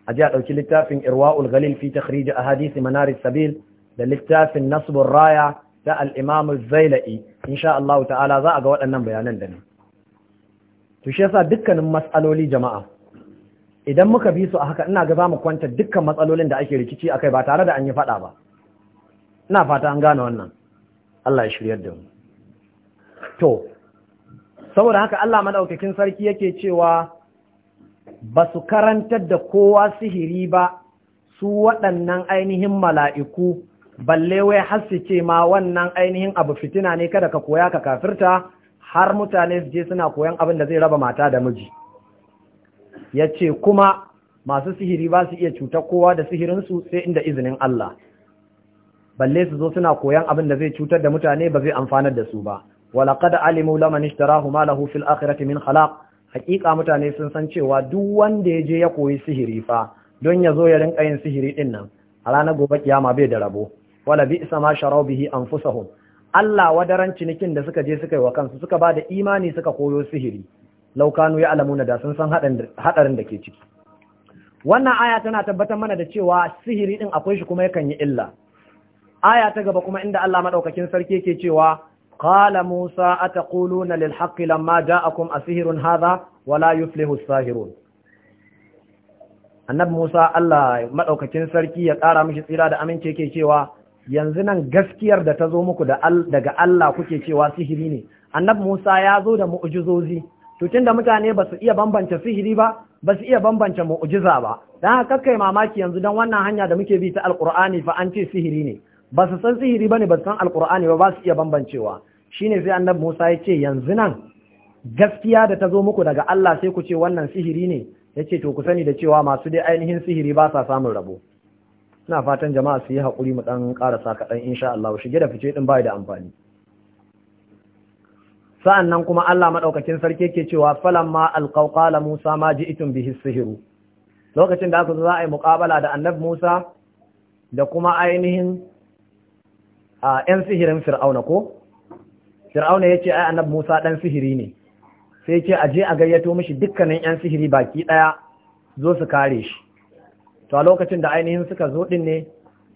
Speaker 1: a a ɗauki littafin irwa'ul galil fi takhrij ahadith manaris sabil da littafin nasbur raya da al-imam az-zailai insha Allah ta'ala za a ga waɗannan bayanan da ne to shi yasa dukkanin matsaloli jama'a idan muka bi su a haka ina ga za mu kwanta dukkan matsalolin da ake rikici akai ba tare da an yi faɗa ba ina fata an gane wannan Allah ya shiryar da mu to saboda haka Allah madaukakin sarki yake cewa ba su karantar da kowa sihiri ba su waɗannan ainihin mala'iku balle wai har su ce ma wannan ainihin abu fitina ne kada ka koya ka kafirta har mutane su je suna koyan abin da zai raba mata da miji ya ce kuma masu sihiri ba su iya cutar kowa da sihirinsu sai inda izinin Allah balle su zo suna koyan abin da zai cutar da mutane ba zai amfanar da su ba walaqad alimu laman ishtarahu ma lahu fil akhirati min khalaq haqiqa mutane sun san cewa duk wanda ya je ya koyi sihiri fa don ya zo ya rinka yin sihiri din nan a ranar gobe kiyama bai da rabo wala bi ma sharau bihi anfusahum Allah wadaran cinikin da suka je suka yi wa kansu suka ba da imani suka koyo sihiri laukanu ya alamuna da sun san hadarin da ke ciki wannan aya tana tabbatar mana da cewa sihiri din akwai shi kuma yakan yi illa aya ta gaba kuma inda Allah madaukakin sarki yake cewa qala musa ataquluna lil haqqi lamma ja'akum asihirun hadha wala yuflihu as-sahirun annabi musa Allah madaukakin sarki ya kara mishi tsira da amince ke cewa yanzu nan gaskiyar da ta zo muku daga Allah kuke cewa sihiri ne annabi Musa ya zo da mu'ujizozi, to tunda mutane ba su iya bambance sihiri ba ba su iya bambance mu'ujiza ba dan haka kai mamaki yanzu dan wannan hanya da muke bi ta alqur'ani fa an ce sihiri ne ba su san sihiri ne, ba su san alkurani ba ba su iya bambancewa ne sai annabi Musa ya ce yanzu nan gaskiya da ta zo muku daga Allah sai ku ce wannan sihiri ne Ya ce to ku sani da cewa masu dai ainihin sihiri ba sa samun rabo ina fatan jama'a su yi haƙuri mu ɗan ƙarasa kaɗan insha Allah shige da fice ɗin bayi da amfani sa'an nan kuma Allah maɗaukakin sarki ke cewa falan ma alƙauƙala Musa ma ji itin bihi sihiru lokacin da aka zo za a yi muƙabala da Annabi Musa da kuma ainihin a yan sihirin fir'auna ko fir'auna ya ce ai annabi musa ɗan sihiri ne sai ce je a gayyato mishi dukkanin yan sihiri baki ɗaya zo su kare shi to a lokacin da ainihin suka zo ɗin ne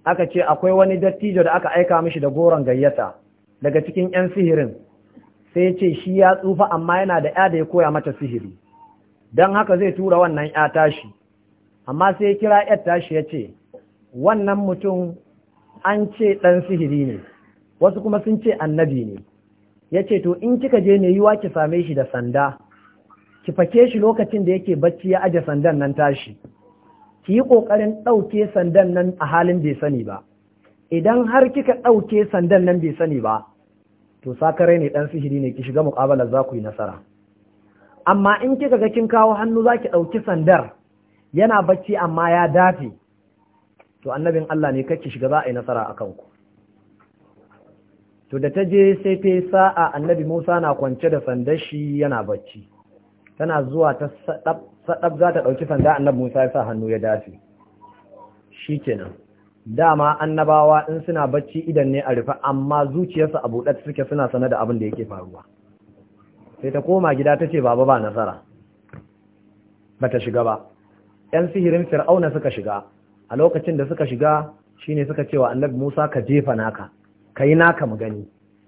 Speaker 1: aka ce akwai wani dattijo da aka aika mishi da goron gayyata daga cikin yan sihirin sai ce shi ya tsufa amma yana da ya da ya koya mata sihiri don haka zai tura wannan ya tashi amma sai ya kira ya tashi ya ce wannan mutum an ce ɗan sihiri ne wasu kuma sun ce annabi ne ya ce to in kika je ne yiwa ki same shi da sanda ki fake shi lokacin da yake bacci ya aje sandan nan tashi ki yi ƙoƙarin ɗauke sandan nan a halin bai sani ba idan har kika ɗauke sandan nan bai sani ba to sakarai ne ɗan sihiri ne ki shiga muƙabalar za ku yi nasara amma in kika ga kin kawo hannu za ki ɗauki sandar yana bacci amma ya dafe to annabin Allah ne kake shiga za a yi nasara a kanku to da ta je sai ta yi sa'a annabi Musa na kwance da sandar shi yana bacci tana zuwa ta sadab za ta ɗauki sanda annabi Musa ya sa hannu ya dace shi kenan dama annabawa in suna bacci idan ne a rufe amma zuciyarsa a buɗe suke suna sanar da abin da yake faruwa sai ta koma gida ta ce baba ba nasara Ba ta shiga ba ‘yan sihirin fir'auna suka shiga a lokacin da suka shiga shine suka cewa, wa annabi Musa ka jefa naka kai naka mu gani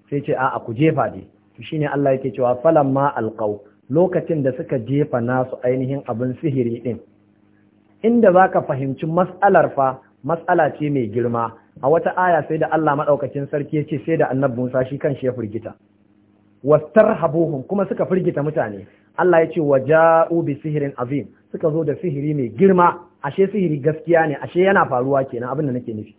Speaker 1: sai ce a'a ku jefa dai shine Allah yake cewa falamma alqaw lokacin da suka jefa nasu ainihin abin sihiri din inda zaka fahimci mas'alar fa mas'ala ce mai girma a wata aya sai da Allah madaukakin sarki ya ce sai da annabi Musa shi kan shi ya firgita wastarhabuhum kuma suka firgita mutane Allah ya ce waja'u bi sihirin azim suka zo da sihiri mai girma ashe sihiri gaskiya ne ashe yana faruwa kenan abin da nake nufi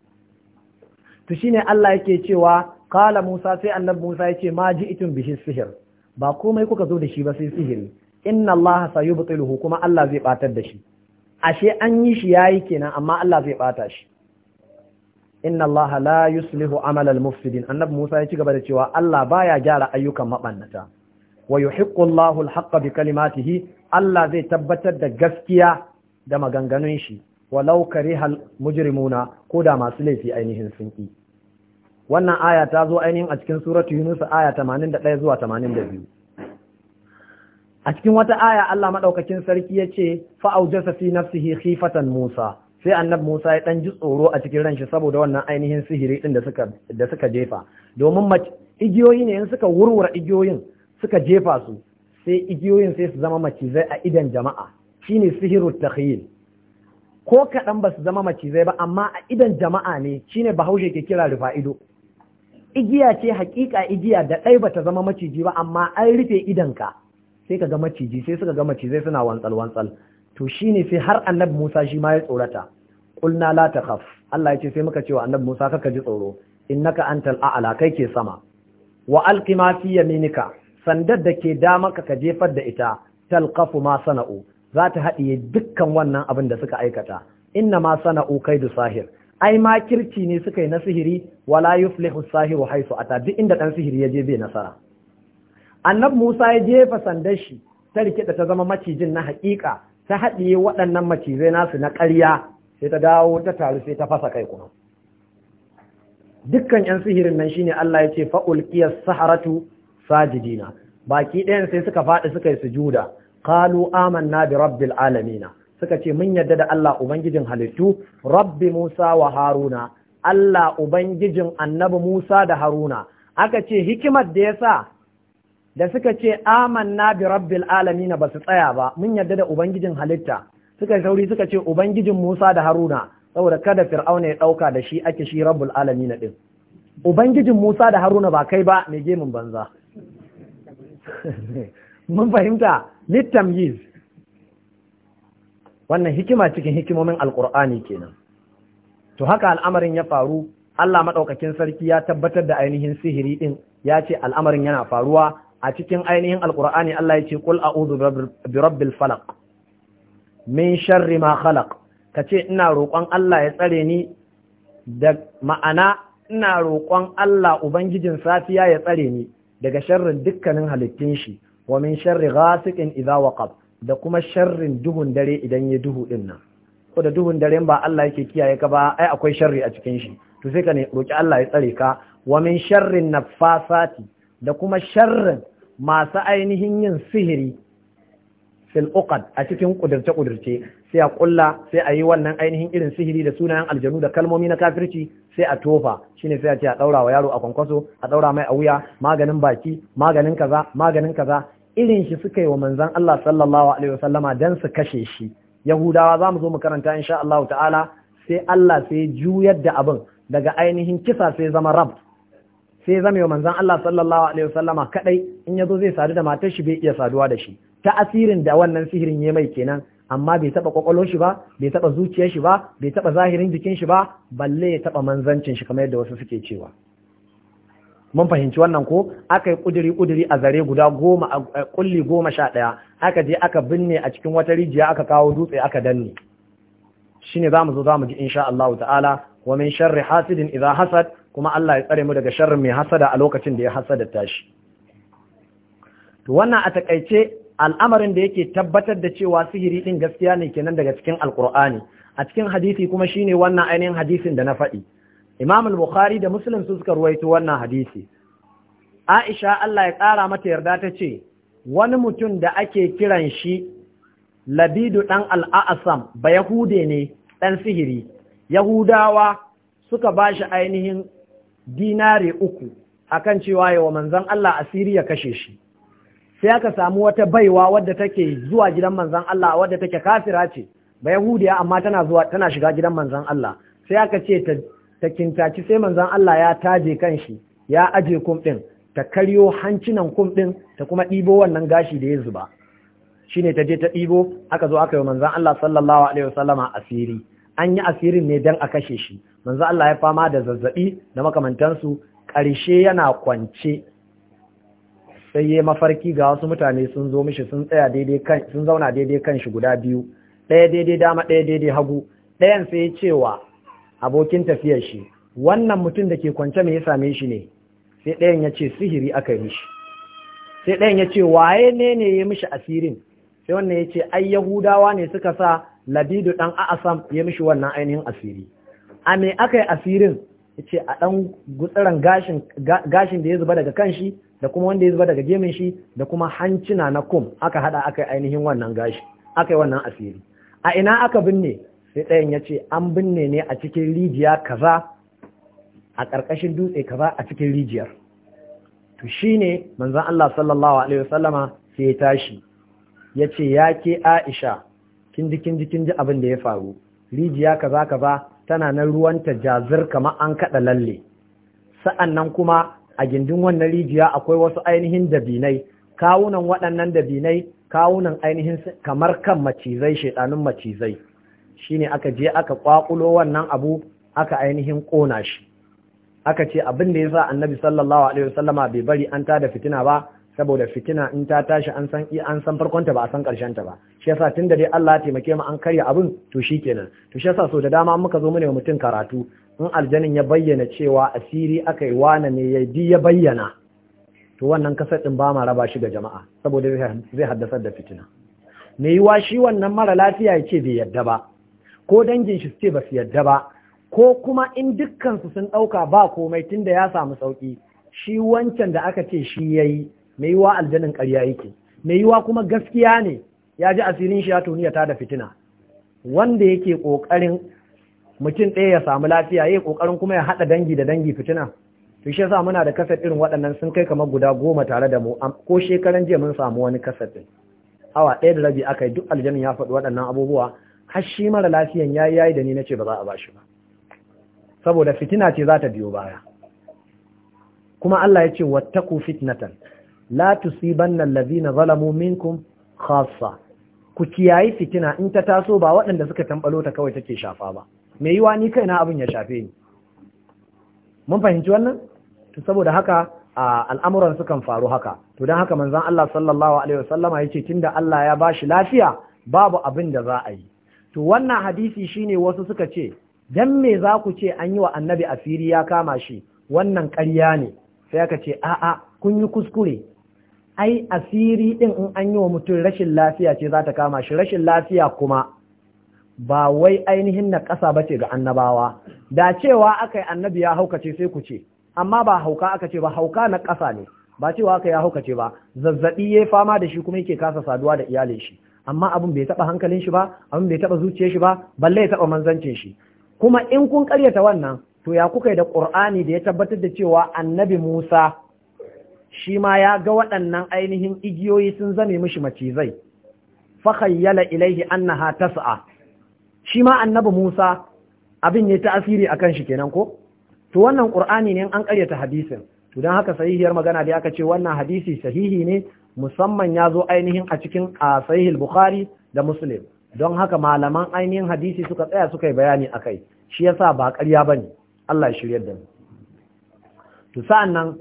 Speaker 1: to shine Allah yake cewa qala Musa sai annabi Musa yace ma itin bihi sihir ba komai kuka zo da shi ba sai sihiri inna Allah sayubtiluhu kuma Allah zai batar da shi ashe an yi shi yayi kenan amma Allah zai bata shi inna Allah la yuslihu amal al-mufsidin annabi Musa ya ci gaba da cewa Allah baya gyara ayyukan mabannata wa yuhiqqu Allahu al-haqqa bi kalimatihi Allah zai tabbatar da gaskiya da maganganun shi walau karihal mujrimuna ko da masu laifi ainihin sun ki wannan aya ta zo ainihin a cikin suratu yunus aya 81 zuwa 82 a cikin wata aya Allah madaukakin sarki yace fa aujasa fi nafsihi khifatan musa sai annab musa ya dan ji tsoro a cikin ranshi saboda wannan ainihin sihiri din da suka jefa domin igiyoyi ne in suka wurwura igiyoyin suka jefa su sai igiyoyin sai su zama macizai a idon jama'a shine sihiru takhyil ko kaɗan ba su zama macizai ba amma a idan jama'a ne shine bahaushe ke kira rufa ido igiya ce hakika igiya da ɗai ba ta zama maciji ba amma an rufe ka sai ka ga maciji sai suka ga macizai suna wantsal wantsal to shine sai har annabi Musa shi ma ya tsorata qulna la takhaf Allah ya ce sai muka ce wa annabi Musa kaka ji tsoro innaka antal a'la kai ke sama wa alqi fi yaminika sandar da ke dama ka ka jefar da ita talqafu ma sana'u za ta haɗiye dukkan wannan abin da suka aikata inna ma ukai kaidu sahir ai ma kirci ne suka yi na sihiri wala yuflihu sahiru haisu ata duk inda dan sihiri ya je bai nasara annab Musa ya jefa sandar shi ta rikida ta zama macijin na haƙiƙa ta haɗiye waɗannan macizai nasu na ƙarya sai ta dawo ta taru sai ta fasa kai kuma dukkan yan sihirin nan shine Allah ya ce fa'ulqiyas saharatu sajidina baki ɗayan sai suka faɗi suka yi sujuda qalu amanna bi rabbil alamin suka ce mun yadda da Allah ubangijin halittu rabbi Musa wa Haruna Allah ubangijin annabi Musa da Haruna aka ce hikimar da yasa da suka ce amanna bi rabbil alamin ba su tsaya ba mun yadda da ubangijin halitta suka sauri suka ce ubangijin Musa da Haruna saboda kada fir'auna ya dauka da shi ake shi rabbul alamin din ubangijin Musa da Haruna ba kai ba mai gemin banza mun fahimta littamyiz wannan hikima cikin hikimomin alqur'ani kenan to haka al'amarin ya faru Allah madaukakin sarki ya tabbatar da ainihin sihiri ɗin, ya ce al'amarin yana faruwa a cikin ainihin alqur'ani Allah ya ce qul a'udhu bi rabbil falaq min sharri ma khalaq kace ina roƙon Allah ya tsare ni da ma'ana ina roƙon Allah ubangijin safiya ya tsare ni daga sharrin dukkanin halittun shi wa min sharri ghasiqin idza waqab da kuma sharrin duhun dare idan ya duhu din nan ko da duhun dare ba Allah yake kiyaye ka ba ai akwai sharri a cikin shi to sai ka ne roki Allah ya tsare ka wa min sharrin nafasati da kuma sharrin masu ainihin yin sihiri fil uqad a cikin kudurce kudurce sai a kulla sai a yi wannan ainihin irin sihiri da sunayen aljanu da kalmomi na kafirci sai a tofa shine sai a ce a daura wa yaro a kwankwaso a daura mai a wuya maganin baki maganin kaza maganin kaza irin shi suka yi wa manzan Allah sallallahu alaihi wasallama dan su kashe shi yahudawa za mu zo mu karanta insha Allah ta'ala sai Allah sai juyar da abin daga ainihin kisa sai zama rab sai zama wa manzan Allah sallallahu alaihi wasallama ya in yazo zai sadu da matar shi bai iya saduwa da shi ta asirin da wannan sihirin ya mai kenan amma bai taɓa ƙwaƙwalon shi ba bai taɓa zuciyar shi ba bai taɓa zahirin jikin shi ba balle ya taɓa manzancin shi kamar yadda wasu suke cewa mun fahimci wannan ko aka yi kuduri kuduri a zare guda goma a kulli goma sha ɗaya aka je aka binne a cikin wata rijiya aka kawo dutse aka danne shine za mu zo za mu ji insha Allah ta'ala wa min sharri hasidin idza hasad kuma Allah ya tsare mu daga sharrin mai hasada a lokacin da ya hasada tashi to wannan a takaice al'amarin da yake tabbatar da cewa sihiri din gaskiya ne kenan daga cikin alqur'ani a cikin hadisi kuma shine wannan ainihin hadisin da na faɗi Imam al-Bukhari da Muslim sun suka ruwaito wannan hadisi. Aisha Allah ya ƙara mata yarda ta ce, wani mutum da ake kiran shi Labidu ɗan al'asam ba Yahude ne ɗan sihiri, Yahudawa suka ba shi ainihin dinare uku akan cewa yawa manzan Allah asiri ya kashe shi. Sai aka samu wata baiwa wadda take zuwa gidan manzan Allah wadda take kafira ce, ba Yahudiya amma tana tana shiga gidan manzan Allah. Sai aka ce ta ta kintaci sai manzon Allah ya taje kanshi ya aje kum ɗin ta karyo hancinan kum ɗin ta kuma ɗibo wannan gashi da ya zuba shine ta je ta ɗibo aka zo aka yi manzon Allah sallallahu alaihi wasallama asiri an yi asirin ne dan a kashe shi manzon Allah ya fama da zazzabi da makamantansu ƙarshe yana kwance sai ya mafarki ga wasu mutane sun zo mishi sun tsaya daidai kan sun zauna daidai kan shi guda biyu ɗaya daidai dama ɗaya daidai hagu ɗayan sai ya cewa abokin tafiyar shi wannan mutum da ke kwance mai ya same shi ne sai ɗayan ya ce sihiri aka yi shi sai ɗayan ya ce waye ne ne ya mishi asirin sai wannan ya ce ai yahudawa ne suka sa labidu ɗan a'asam ya mishi wannan ainihin asiri a me aka yi asirin ya ce a ɗan gutsiran gashin da ya zuba daga kan shi da kuma wanda ya zuba daga gemin shi da kuma hancina na kum aka haɗa aka yi ainihin wannan gashi aka yi wannan asiri a ina aka binne sai ɗayan ya ce an binne ne a cikin rijiya kaza a ƙarƙashin dutse kaza a cikin rijiyar to ne manzon Allah sallallahu alaihi wasallama sai ya tashi ya ce ya ke Aisha kin ji kin abin da ya faru rijiya kaza kaza tana nan ruwanta jazir kamar an kada lalle sa'annan kuma a gindin wannan rijiya akwai wasu ainihin dabinai kawunan waɗannan dabinai kawunan ainihin kamar kan macizai shedanun macizai ne aka je aka kwakulo wannan abu aka ainihin ƙona shi aka ce abin da ya sa annabi sallallahu alaihi wasallama bai bari an tada fitina ba saboda fitina in ta tashi an san an san farkon ta ba a san karshen ta ba shi yasa tunda dai Allah ya taimake mu an karya abin to shikenan to shi yasa so da dama muka zo mu ne mutum karatu in aljanin ya bayyana cewa asiri aka yi wani ne ya bi ya bayyana to wannan kasar din ba ma raba shi ga jama'a saboda zai haddasar da fitina me yiwa shi wannan mara lafiya ya ce bai yadda ba ko dangin shi ce ba su yadda ba ko kuma in dukkansu sun ɗauka ba komai tun da ya samu sauƙi shi wancan da aka ce shi ya yi mai yiwa aljanin ƙarya yake mai yiwa kuma gaskiya ne ya ji asirin shi ya tuniya ta da fitina wanda yake ƙoƙarin mutum ɗaya ya samu lafiya ya ƙoƙarin kuma ya haɗa dangi da dangi fitina to shi yasa muna da kasafin irin waɗannan sun kai kamar guda goma tare da mu ko shekaran jiya mun samu wani kasafin. ɗin awa ɗaya da rabi aka yi duk aljanin ya faɗi waɗannan abubuwa har shi mara lafiyan yayi yi da ni ce ba za a bashi ba saboda fitina ce za ta biyo baya kuma Allah ya ce wattaku fitnatan la bannan allazina zalamu minkum khassa ku kiyayi fitina in ta taso ba waɗanda suka tambalo ta kawai take shafa ba me yiwa ni kaina abin ya shafe ni mun fahimci wannan to saboda haka al'amuran sukan faru haka to don haka manzon Allah sallallahu alaihi wasallama yace tunda Allah ya bashi lafiya babu abin da za a yi to wannan hadisi shine wasu suka ce dan me za ku ce an yi wa annabi asiri ya kama shi wannan ƙarya ne sai aka ce a'a kun yi kuskure ai asiri ɗin in an yi wa mutum rashin lafiya ce za ta kama shi rashin lafiya kuma ba wai ainihin na ƙasa ba ce ga annabawa da cewa aka yi annabi ya haukace sai ku ce amma ba hauka aka ce ba hauka na ƙasa ne ba cewa aka ya haukace ba zazzaɓi ya fama da shi kuma yake kasa saduwa da iyalin shi amma abin bai taba hankalin shi ba abin bai taɓa zuciyar shi ba balle ya taba manzancin shi kuma in kun karyata wannan to ya kuka yi da qur'ani da ya tabbatar da cewa annabi Musa shi ma ya ga waɗannan ainihin igiyoyi sun zame mishi macizai fa khayyala ilaihi annaha tas'a shi ma annabi Musa abin ne ta asiri akan shi kenan ko to wannan ƙur'ani ne an karyata hadisin to don haka sahihiyar magana dai aka ce wannan hadisi sahihi ne musamman ya zo ainihin a cikin a bukhari da muslim don haka malaman ainihin hadisi suka tsaya suka yi bayani a kai. shi yasa ba ƙarya ne. Allah ya shiryar da mu to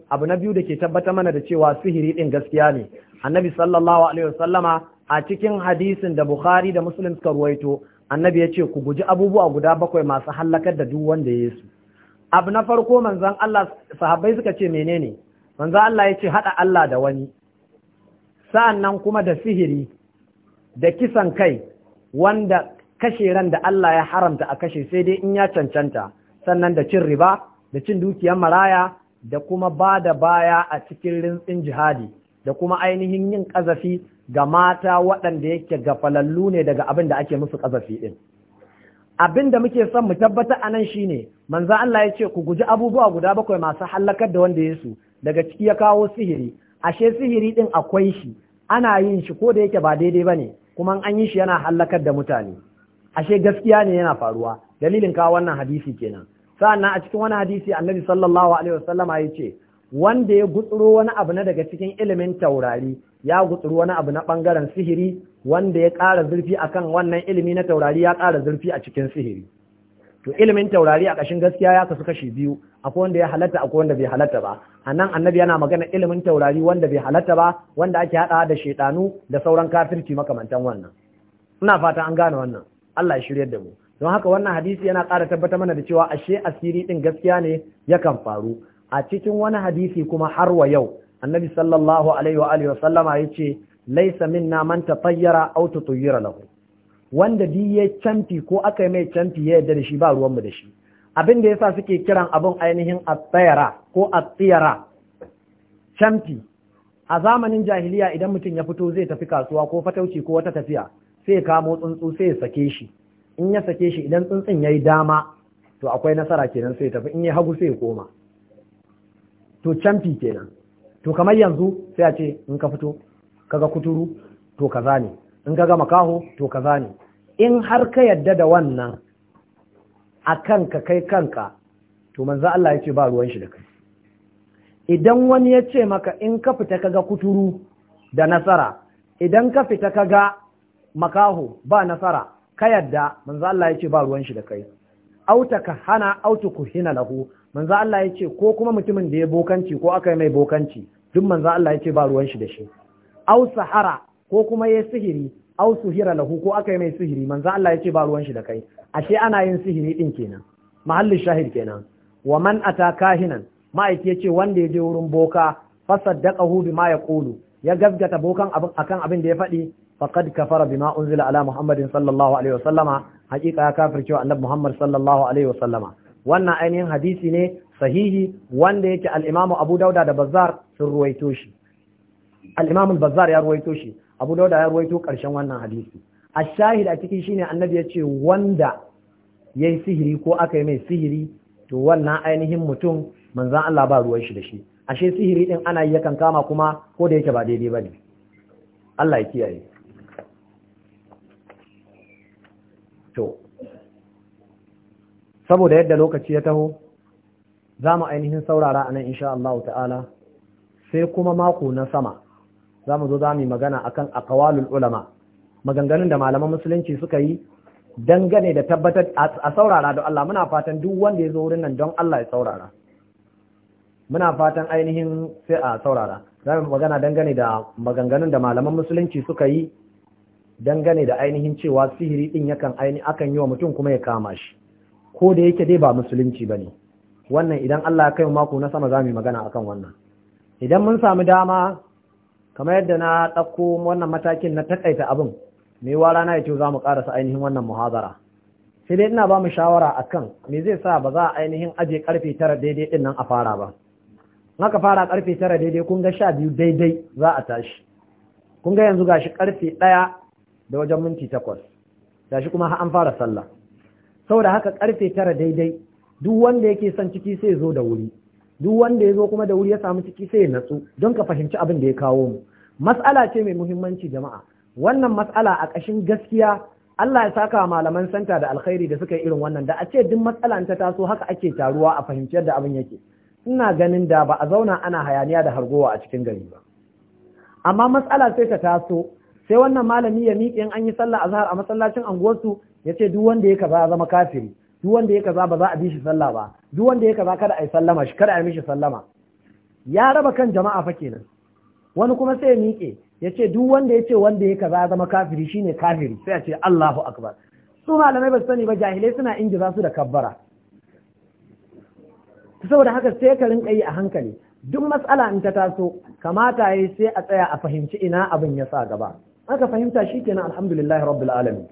Speaker 1: abu na biyu da ke tabbata mana da cewa sihiri ɗin gaskiya ne annabi sallallahu alaihi wasallama a cikin hadisin da bukhari da muslim suka ruwaito annabi ya ce ku guji abubuwa guda bakwai masu halakar da duk wanda ya su abu na farko manzon Allah sahabbai suka ce menene manzon Allah ya ce haɗa Allah da wani sa'annan kuma da sihiri da kisan kai wanda kashe ran da Allah ya haramta a kashe sai dai in ya cancanta sannan da cin riba da cin dukiyar maraya da kuma ba da baya a cikin rintsin jihadi da kuma ainihin yin ƙazafi ga mata waɗanda yake ga gafalallu ne daga abin da ake musu ƙazafi ɗin. Abin da muke son mu tabbata a nan shine manzo Allah ya ce ku guji abubuwa guda bakwai masu hallakar da wanda su, daga ciki ya kawo sihiri ashe sihiri ɗin akwai shi ana yin shi ko da yake ba daidai ba ne kuma an yi shi yana hallakar da mutane ashe gaskiya ne yana faruwa dalilin kawo wannan hadisi kenan sa'annan a cikin wani hadisi annabi sallallahu alaihi wasallama ya ce wanda ya gutsuro wani abu na daga cikin ilimin taurari ya gutsuro wani abu na bangaren sihiri wanda ya ƙara zurfi akan wannan ilimi na taurari ya ƙara zurfi a cikin sihiri to ilimin taurari a ƙashin gaskiya ya kasu kashi biyu akwai wanda ya halatta akwai wanda bai halatta ba a nan annabi yana magana ilimin taurari wanda bai halatta ba wanda ake haɗa da shaidanu da sauran kafirci makamantan wannan ina fata an gane wannan Allah ya shirya da mu don haka wannan hadisi yana ƙara tabbatar mana da cewa ashe asiri din gaskiya ne yakan faru a cikin wani hadisi kuma har wa yau annabi sallallahu alaihi wa alihi wa sallama yace laysa minna man tatayyara aw tutayyara lahu wanda di ya canfi ko aka yi mai canfi ya yarda da shi ba ruwanmu da shi abin da yasa suke kiran abin ainihin atsayara ko atsiyara canfi a zamanin jahiliya idan mutum ya fito zai tafi kasuwa ko fatauci ko wata tafiya sai ya kamo tsuntsu sai ya sake shi in ya sake shi idan tsuntsun ya yi dama to akwai nasara kenan sai tafi in ya hagu sai ya koma to canfi kenan to kamar yanzu sai a ce in ka fito kaga kuturu to kaza ne in ka gama kaho to kaza ne in har ka yadda da wannan a kanka kai kanka to manzo Allah ya ce ba ruwan shi da kai idan wani ya ce maka in ka fita ka ga kuturu da nasara idan ka fita ka ga makaho ba nasara ka yadda manzo Allah ya ce ba ruwan shi da kai auta ka hana auta ku hina lahu manzo Allah ya ce ko kuma mutumin da ya bokanci ko aka yi mai bokanci duk manza Allah ya ce ba ruwan shi da shi au sahara ko kuma ya sihiri aw suhira lahu ko aka yi mai sihiri manzo Allah ya ce ba ruwan shi da kai ashe ana yin sihiri din kenan mahallin shahid kenan wa man ata kahinan ma'aiki yace wanda ya je wurin boka fasaddaqahu bima yaqulu ya gaskata bokan abin akan abin da ya faɗi faqad kafara bima unzila ala muhammadin sallallahu alaihi wasallama hakika ya kafircewa annabi muhammad sallallahu alaihi wasallama wannan ainihin hadisi ne sahihi wanda yake al-imamu abu dauda da Bazar sun ruwaito shi al bazar bazzar ya ruwaito shi abu dauda ya ruwaito karshen wannan hadisi a shahid a cikin shine annabi ya ce wanda ya yi sihiri ko aka yi mai sihiri to wannan ainihin mutum manzan Allah ba ruwan shi da shi ashe sihiri din ana yi yakan kama kuma ko da yake ba daidai ba ne Allah ya kiyaye to saboda yadda lokaci ya taho za mu ainihin saurara a nan insha Allah ta'ala sai kuma mako na sama za mu zo za mu yi magana akan akawalul ulama maganganun da malaman musulunci suka yi dangane da tabbatar a saurara da Allah muna fatan duk wanda ya zo wurin nan don Allah ya saurara muna fatan ainihin sai a saurara za mu magana dangane da maganganun da malaman musulunci suka yi dangane da ainihin cewa sihiri din yakan aini akan yi wa mutum kuma ya kama shi ko da yake dai ba musulunci bane wannan idan Allah ya kai mako na sama za mu yi magana akan wannan idan mun samu dama kamar yadda na ɗauko wannan matakin na taƙaita abin me wa rana ya ce za mu ƙarasa ainihin wannan muhazara sai dai ina ba mu shawara akan me zai sa ba za a ainihin ajiye ƙarfe tara daidai ɗin nan a fara ba aka fara ƙarfe tara daidai kun ga sha biyu daidai za a tashi kun ga yanzu gashi ƙarfe ɗaya da wajen minti takwas gashi kuma an fara sallah saboda haka ƙarfe tara daidai duk wanda yake son ciki sai zo da wuri duk wanda ya zo kuma da wuri ya samu ciki sai ya natsu don ka fahimci abin da ya kawo mu mas'ala ce mai muhimmanci jama'a wannan mas'ala a ƙashin gaskiya Allah ya saka malaman santa da alkhairi da suka yi irin wannan da a ce duk matsala ta taso haka ake taruwa a fahimci yadda abin yake ina ganin da ba a zauna ana hayaniya da hargowa a cikin gari ba amma matsala sai ta taso sai wannan malami ya miƙe an yi sallah azhar a masallacin anguwarsu ya ce duk wanda ya kaza zama kafiri duk wanda ya kaza ba za a bi shi sallah ba duk wanda ya kaza kada a yi sallama shi kada a mishi sallama ya raba kan jama'a fa kenan wani kuma sai ya miƙe ya ce duk wanda ya ce wanda ya kaza zama kafiri shine kafiri sai a ce Allahu akbar su malamai ba su sani ba jahilai suna za su da kabbara saboda haka sai ka rinka yi a hankali duk matsala in ta taso kamata yi sai a tsaya a fahimci ina abin ya sa gaba aka fahimta shikenan alhamdulillahi rabbil alamin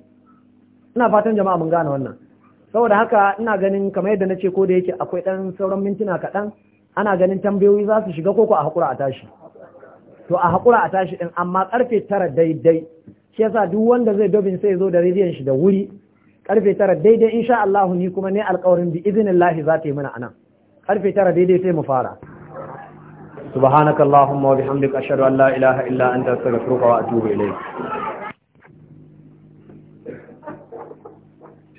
Speaker 1: ina fatan jama'a mun gane wannan saboda haka ina ganin kamar yadda na ce ko da yake akwai ɗan sauran mintuna kaɗan ana ganin tambayoyi za su shiga koko a haƙura a tashi to a haƙura a tashi ɗin amma ƙarfe tara daidai shi yasa duk wanda zai dobin sai zo da rediyon shi da wuri ƙarfe tara daidai insha Allah ni kuma ne alƙawarin bi lahi za ta yi mana anan ƙarfe tara daidai sai mu fara subhanakallahumma wa bihamdika ashhadu an la ilaha illa anta astaghfiruka wa atubu ilayk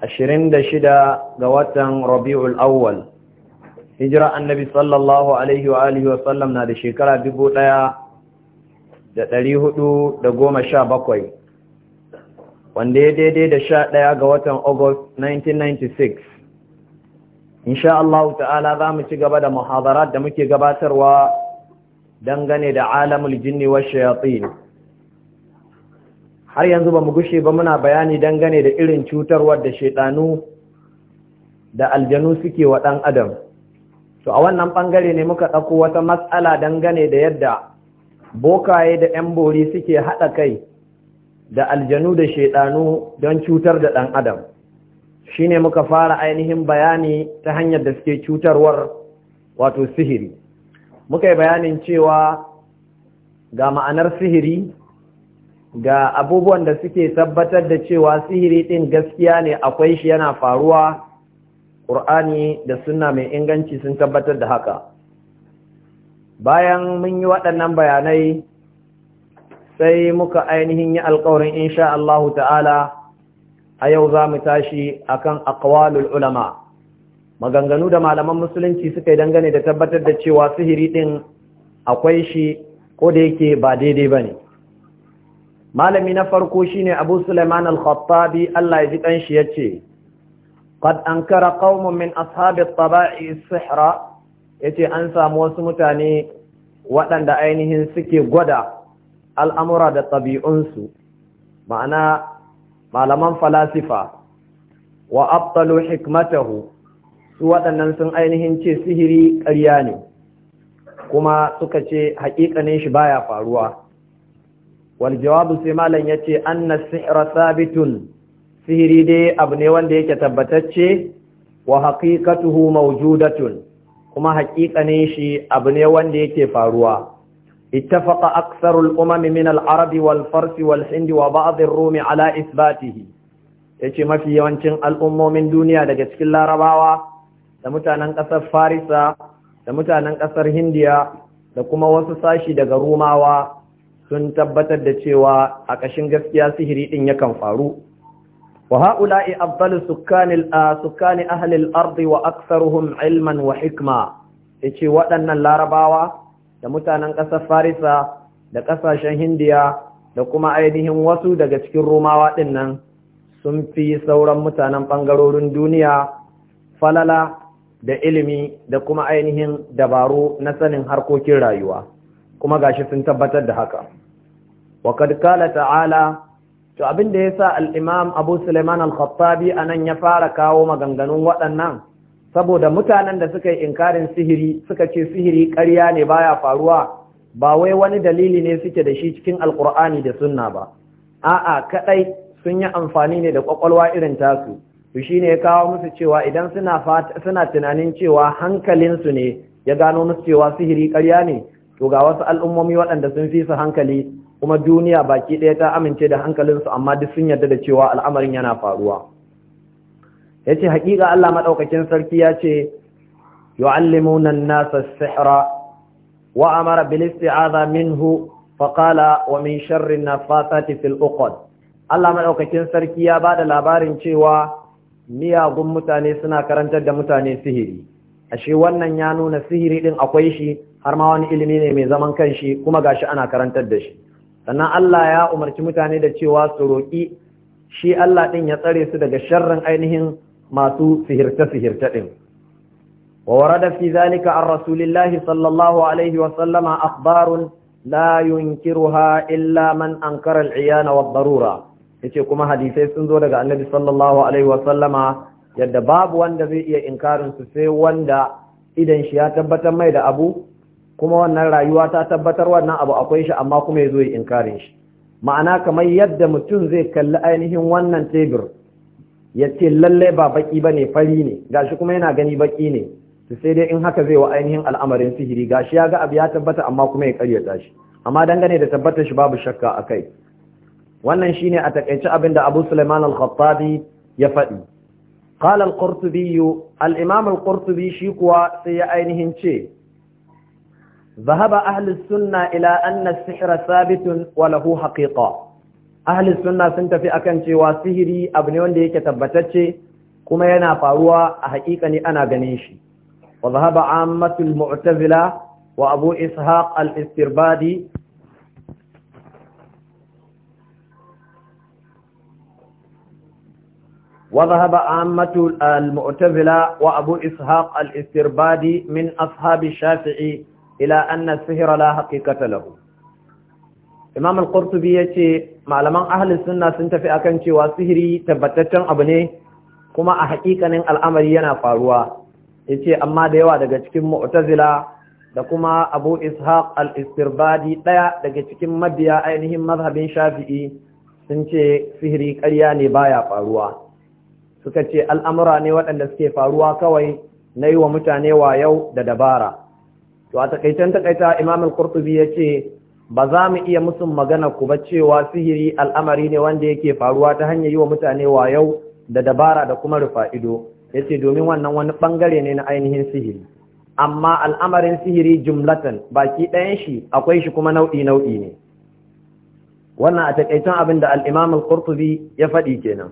Speaker 1: Ashirin da shida ga watan Rabiul Awwal Hijira Annabi sallallahu alaihi wa alihi wa sallam na da shekara bakwai, wanda ya daidai da sha ɗaya ga watan August 1996 Insha Allah ta'ala za mu ci gaba da muhadarat da muke gabatarwa dangane da alamul jinni wa shayatin har yanzu ba mu gushe ba muna bayani dangane da irin cutarwar da shaidanu da aljanu suke wa ɗan adam to a wannan ɓangare ne muka ɗauko wata matsala dangane da yadda bokaye da 'yan bori suke haɗa kai da aljanu da shaidanu don cutar da ɗan adam shi ne muka fara ainihin bayani ta hanyar da suke cutarwar wato sihiri muka yi bayanin cewa ga ma'anar sihiri ga abubuwan da suke tabbatar da cewa sihiri ɗin gaskiya ne akwai shi yana faruwa ƙur'ani da Sunna mai inganci sun tabbatar da haka bayan mun yi waɗannan bayanai sai muka ainihin yi alƙawarin insha Allahu ta'ala a yau za mu tashi akan aqwalul ulama maganganu da malaman musulunci suka yi dangane da tabbatar da cewa sihiri ɗin akwai shi ko da yake ba daidai ba ne malami na farko shine Abu Sulaiman al-Khattabi Allah ya ji dan shi yace qad ankara qaumun min ashabi at-taba'i as-sihra yace an samu wasu mutane waɗanda ainihin suke gwada al'amura da tabi'unsu ma'ana malaman falasifa wa abtalu hikmatahu su waɗannan sun ainihin ce sihiri ƙarya ne kuma suka ce haƙiƙanin shi baya faruwa wal jawabu sai malam yace anna si'ra sabitun sihiri dai abu ne wanda yake tabbatacce wa haqiqatuhu mawjudatun kuma ne shi abu ne wanda yake faruwa ittafaqa aktharul umami min al-arabi wal farsi wal hindi wa ba'd ar-rumi ala isbatihi yace mafi yawancin al'ummomin duniya daga cikin larabawa da mutanen ƙasar farisa da mutanen ƙasar hindiya da kuma wasu sashi daga rumawa sun tabbatar da cewa a ƙashin gaskiya sihiri ɗin yakan faru wa ha'ula'i afdalu sukkani sukkani ahli al-ardi wa aktharuhum ilman wa hikma yace waɗannan larabawa da mutanen ƙasar farisa da ƙasashen hindiya da kuma ainihin wasu daga cikin romawa ɗin nan sun fi sauran mutanen ɓangarorin duniya falala da ilimi da kuma ainihin dabaru na sanin harkokin rayuwa kuma gashi sun tabbatar da haka wa kad kala ta'ala to abin da yasa al-imam Abu Sulaiman al-Khattabi anan ya fara kawo maganganun waɗannan saboda mutanen da suka yi inkarin sihiri suka ce sihiri ƙarya ne baya faruwa ba wai wani dalili ne suke da shi cikin alkur'ani da sunna ba a'a kadai sun yi amfani ne da kwakwalwa irin tasu to shine ya kawo musu cewa idan suna suna tunanin cewa hankalinsu ne ya gano musu cewa sihiri ƙarya ne to ga wasu al'ummomi waɗanda sun fi su hankali kuma duniya baki ɗaya ta amince da hankalinsu amma duk sun yarda da cewa al'amarin yana faruwa ya ce haƙiƙa Allah maɗaukakin sarki ya ce yu'allimunan nasa sihra wa amara bil isti'aza minhu fa qala wa min sharri nafasati fil uqad Allah maɗaukakin sarki ya bada labarin cewa miyagun mutane suna karantar da mutane sihiri ashe wannan ya nuna sihiri din akwai shi har ma wani ilimi ne mai zaman kanshi kuma gashi ana karantar da shi sannan Allah ya umarci mutane da cewa su roƙi shi Allah ɗin ya tsare su daga sharrin ainihin masu sihirta sihirce ɗin. Wa da fi zalika an Rasulillahi sallallahu Alaihi wasallama akhbarun la yunkiruha illa man ankara al'iyana wa Ya ce kuma hadisai sun zo daga Annabi sallallahu Alaihi wasallama yadda babu wanda zai iya inkarin su sai wanda idan shi ya tabbatar mai da abu kuma wannan rayuwa ta tabbatar wannan abu akwai shi amma kuma ya zo ya inkarin shi ma'ana kamar yadda mutum zai kalli ainihin wannan tebur ya ce lalle ba baki ba ne fari ne gashi kuma yana gani baki ne su sai dai in haka zai wa ainihin al'amarin sihiri gashi ya ga abu ya tabbata amma kuma ya karyata shi amma dangane da tabbatar shi babu shakka a kai wannan shine a takaice abin da abu suleiman al-khattabi ya faɗi qala al-qurtubi al-imam shi kuwa sai ya ainihin ce ذهب أهل السنة إلى أن السحر ثابت وله حقيقة أهل السنة سنت في أكنتي شوى أبنيون دي كتبتتش كما ينا فاروا أنا غنيشي وذهب عامة المعتزلة وأبو إسحاق الاستربادي وذهب عامة المعتزلة وأبو إسحاق الاستربادي من أصحاب الشافعي ila anna sihra la haqiqata lahu Imam al-Qurtubi yace malaman ahli sunna sun tafi akan cewa sihiri tabbataccen abu ne kuma a hakikanin al'amari yana faruwa yace amma da yawa daga cikin mu'tazila da kuma Abu Ishaq al-Istirbadi daya daga cikin mabiya ainihin mazhabin Shafi'i sun ce sihiri ƙarya ne baya faruwa suka ce al'amura ne waɗanda suke faruwa kawai na yi wa mutane wayau da dabara to a takaitan takaita imam al-qurtubi yace ba za mu iya musu magana ku ba cewa sihiri al'amari ne wanda yake faruwa ta hanyar yi wa mutane wayau da dabara da kuma rufa'ido yace domin wannan wani bangare ne na ainihin sihiri amma al'amarin sihiri jumlatan baki ɗayan shi akwai shi kuma nau'i nau'i ne wannan a takaitan abin da al-imam al-qurtubi ya faɗi kenan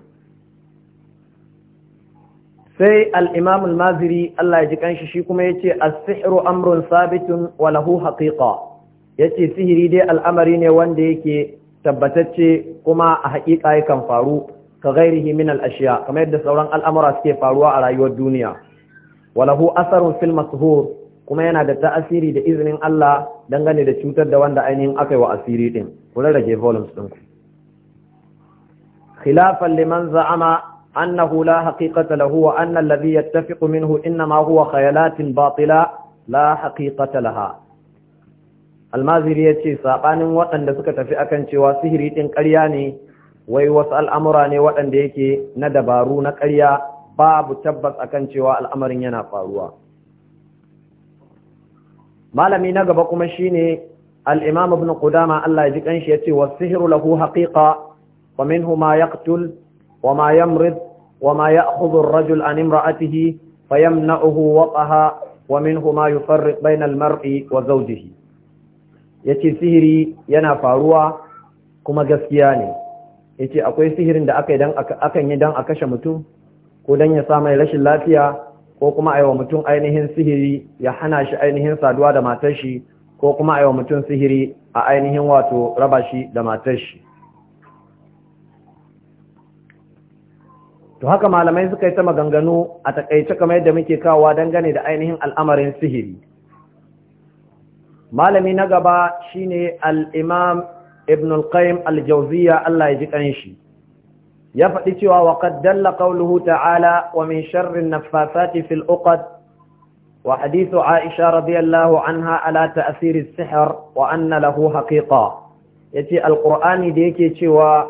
Speaker 1: sai alimam al-maziri Allah ya ji kanshi shi kuma yace as-sihru amrun sabitun walahu lahu haqiqa ce sihiri dai al'amari ne wanda yake tabbatacce kuma a haƙiƙa yakan faru ka ghairihi min al’ashiya ashiya kamar yadda sauran al'amura suke faruwa a rayuwar duniya walahu lahu asarun fil mashhur kuma yana da ta'asiri da izinin Allah dangane da cutar da wanda ainihin aka yi wa asiri din ku rage volumes ɗinku khilafan liman za'ama أنه لا حقيقة له وأن الذي يتفق منه إنما هو خيالات باطلة لا حقيقة لها almaziri ya ce saɓanin waɗanda suka tafi akan cewa sihiri ɗin karya ne wai wasu al'amura ne waɗanda yake na dabaru na karya babu tabbas akan cewa al'amarin yana faruwa malami na gaba kuma shine al'imam ibn Kudama Allah ya ji ƙanshi ya ce wasu sihiru lahu hakika wa min ma yaqtul wa ma yamrid وما يأخذ الرجل عن امرأته فيمنعه وقها ومنه ما يفرق بين المرء وزوجه yace sihiri yana faruwa kuma gaskiya ne yace akwai sihirin da aka dan akan yi dan a kashe mutum ko dan ya samu rashin lafiya ko kuma aiwa mutum ainihin sihiri ya hana shi ainihin saduwa da matar shi ko kuma aiwa mutum sihiri a ainihin wato raba shi da matar shi to haka malamai suka yi ta maganganu a takaice kamar yadda muke kawowa dangane da ainihin al'amarin sihiri malami na gaba shine al-imam ibn al-qayyim al-jawziya Allah ya ji kanshi ya faɗi cewa wa qad qawluhu ta'ala wa min sharri an-naffasati fil uqad wa hadithu Aisha radiyallahu anha ala ta'siri as-sihr wa anna lahu haqiqa ya al-qur'ani da yake cewa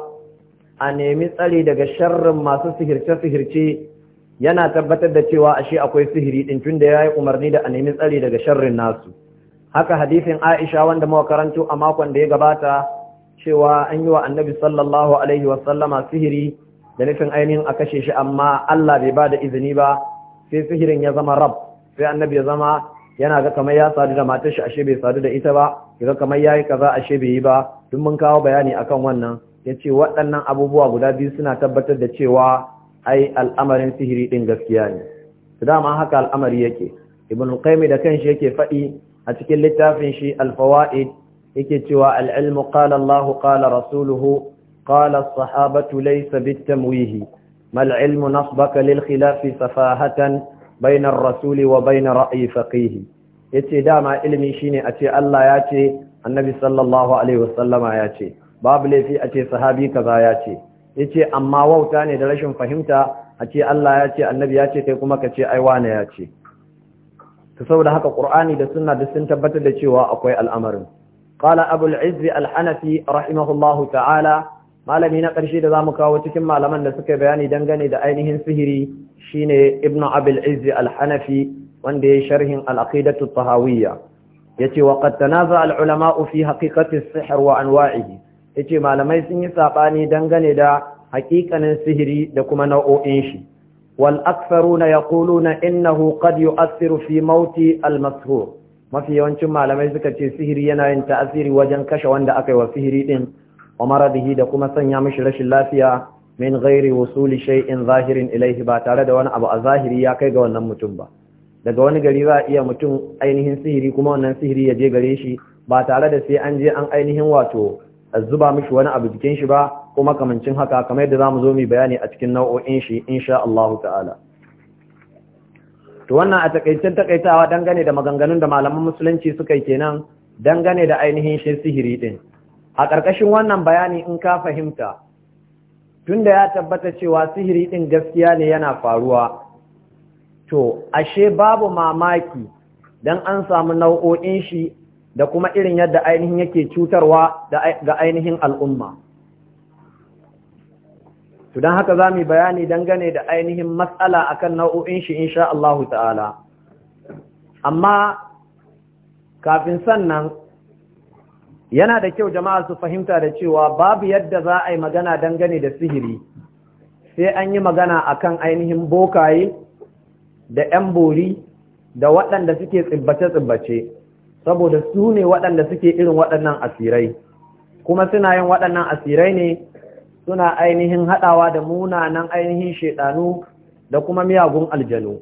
Speaker 1: a nemi tsari daga sharrin masu sihirce-sihirce yana tabbatar da cewa ashe akwai sihiri din tunda yi umarni da a nemi tsari daga sharrin nasu haka hadisin Aisha wanda mawa karanto a makon da ya gabata cewa an yi wa Annabi sallallahu alaihi wasallama sihiri da nufin ainihin a kashe shi amma Allah bai ba da izini ba sai sihirin ya zama rab sai Annabi ya zama yana ga kamar ya sadu da matar shi ashe bai sadu da ita ba ga kamar ya yi kaza ashe bai yi ba duk mun kawo bayani akan wannan ya ce waɗannan abubuwa guda biyu suna tabbatar da cewa ai al'amarin sihiri ɗin gaskiya ne su dama haka al'amari yake ibn qayyim da kanshi yake faɗi a cikin littafin shi al-fawaid yake cewa al qala Allah qala rasuluhu qala as-sahabatu laysa bit-tamwih mal ilmu nasbaka lil khilafi safahatan bayna ar-rasuli wa bayna ra'yi faqih yace dama ilimi shine a ce Allah ya ce annabi sallallahu alaihi wasallama ya ce babu laifi a ce sahabi kaza ya ce yace amma wauta ne da rashin fahimta a ce Allah ya ce annabi ya ce kai kuma ka ce ai wane ya ce ta saboda haka ƙur'ani da sunna da sun tabbatar da cewa akwai al'amarin qala abul izzi al-hanafi rahimahullahu ta'ala malami na ƙarshe da zamu kawo cikin malaman da suka bayani dangane da ainihin sihiri shine ibnu abul izzi al-hanafi wanda ya sharhin al-aqidatu tahawiyya yace wa qad tanaza al-ulama'u fi haqiqati as-sihr wa anwa'ihi Ya ce malamai sun yi saɓani dangane da haƙiƙanin sihiri da kuma nau'o'in shi wal aktharuna na innahu qad yu'athiru fi mauti al mafi yawancin malamai suka ce sihiri yana yin ta'asiri wajen kashe wanda aka yi wa sihiri ɗin? wa maradihi da kuma sanya mashi rashin lafiya min ghairi wusuli shay'in zahirin ilaihi ba tare da wani abu a zahiri ya kai ga wannan mutum ba daga wani gari za a iya mutum ainihin sihiri kuma wannan sihiri ya je gare shi ba tare da sai an je an ainihin wato azuba zuba mishi wani abu jikin shi ba ko makamancin haka kamar yadda zamu zo mu bayani a cikin nau'o'in shi insha Allah ta'ala to wannan a takaicin takaitawa dangane da maganganun da malaman musulunci suka yi kenan dangane da ainihin shi sihiri din a ƙarƙashin wannan bayani in ka fahimta tunda ya tabbata cewa sihiri din gaskiya ne yana faruwa to ashe babu mamaki dan an samu nau'o'in shi da kuma irin yadda ainihin yake cutarwa ga ainihin al'umma. Tudan haka za mu bayani dangane da ainihin matsala akan nau'o'in shi insha Allahu ta'ala. Amma kafin sannan yana da kyau jama'a su fahimta da cewa babu yadda za a yi magana dangane da sihiri sai an yi magana a kan ainihin bokaye da ‘yan bori da waɗanda suke tsibbace-tsibbace. saboda su ne waɗanda suke irin waɗannan asirai kuma suna yin waɗannan asirai ne suna ainihin haɗawa da munanan ainihin shaiɗanu da kuma miyagun aljanu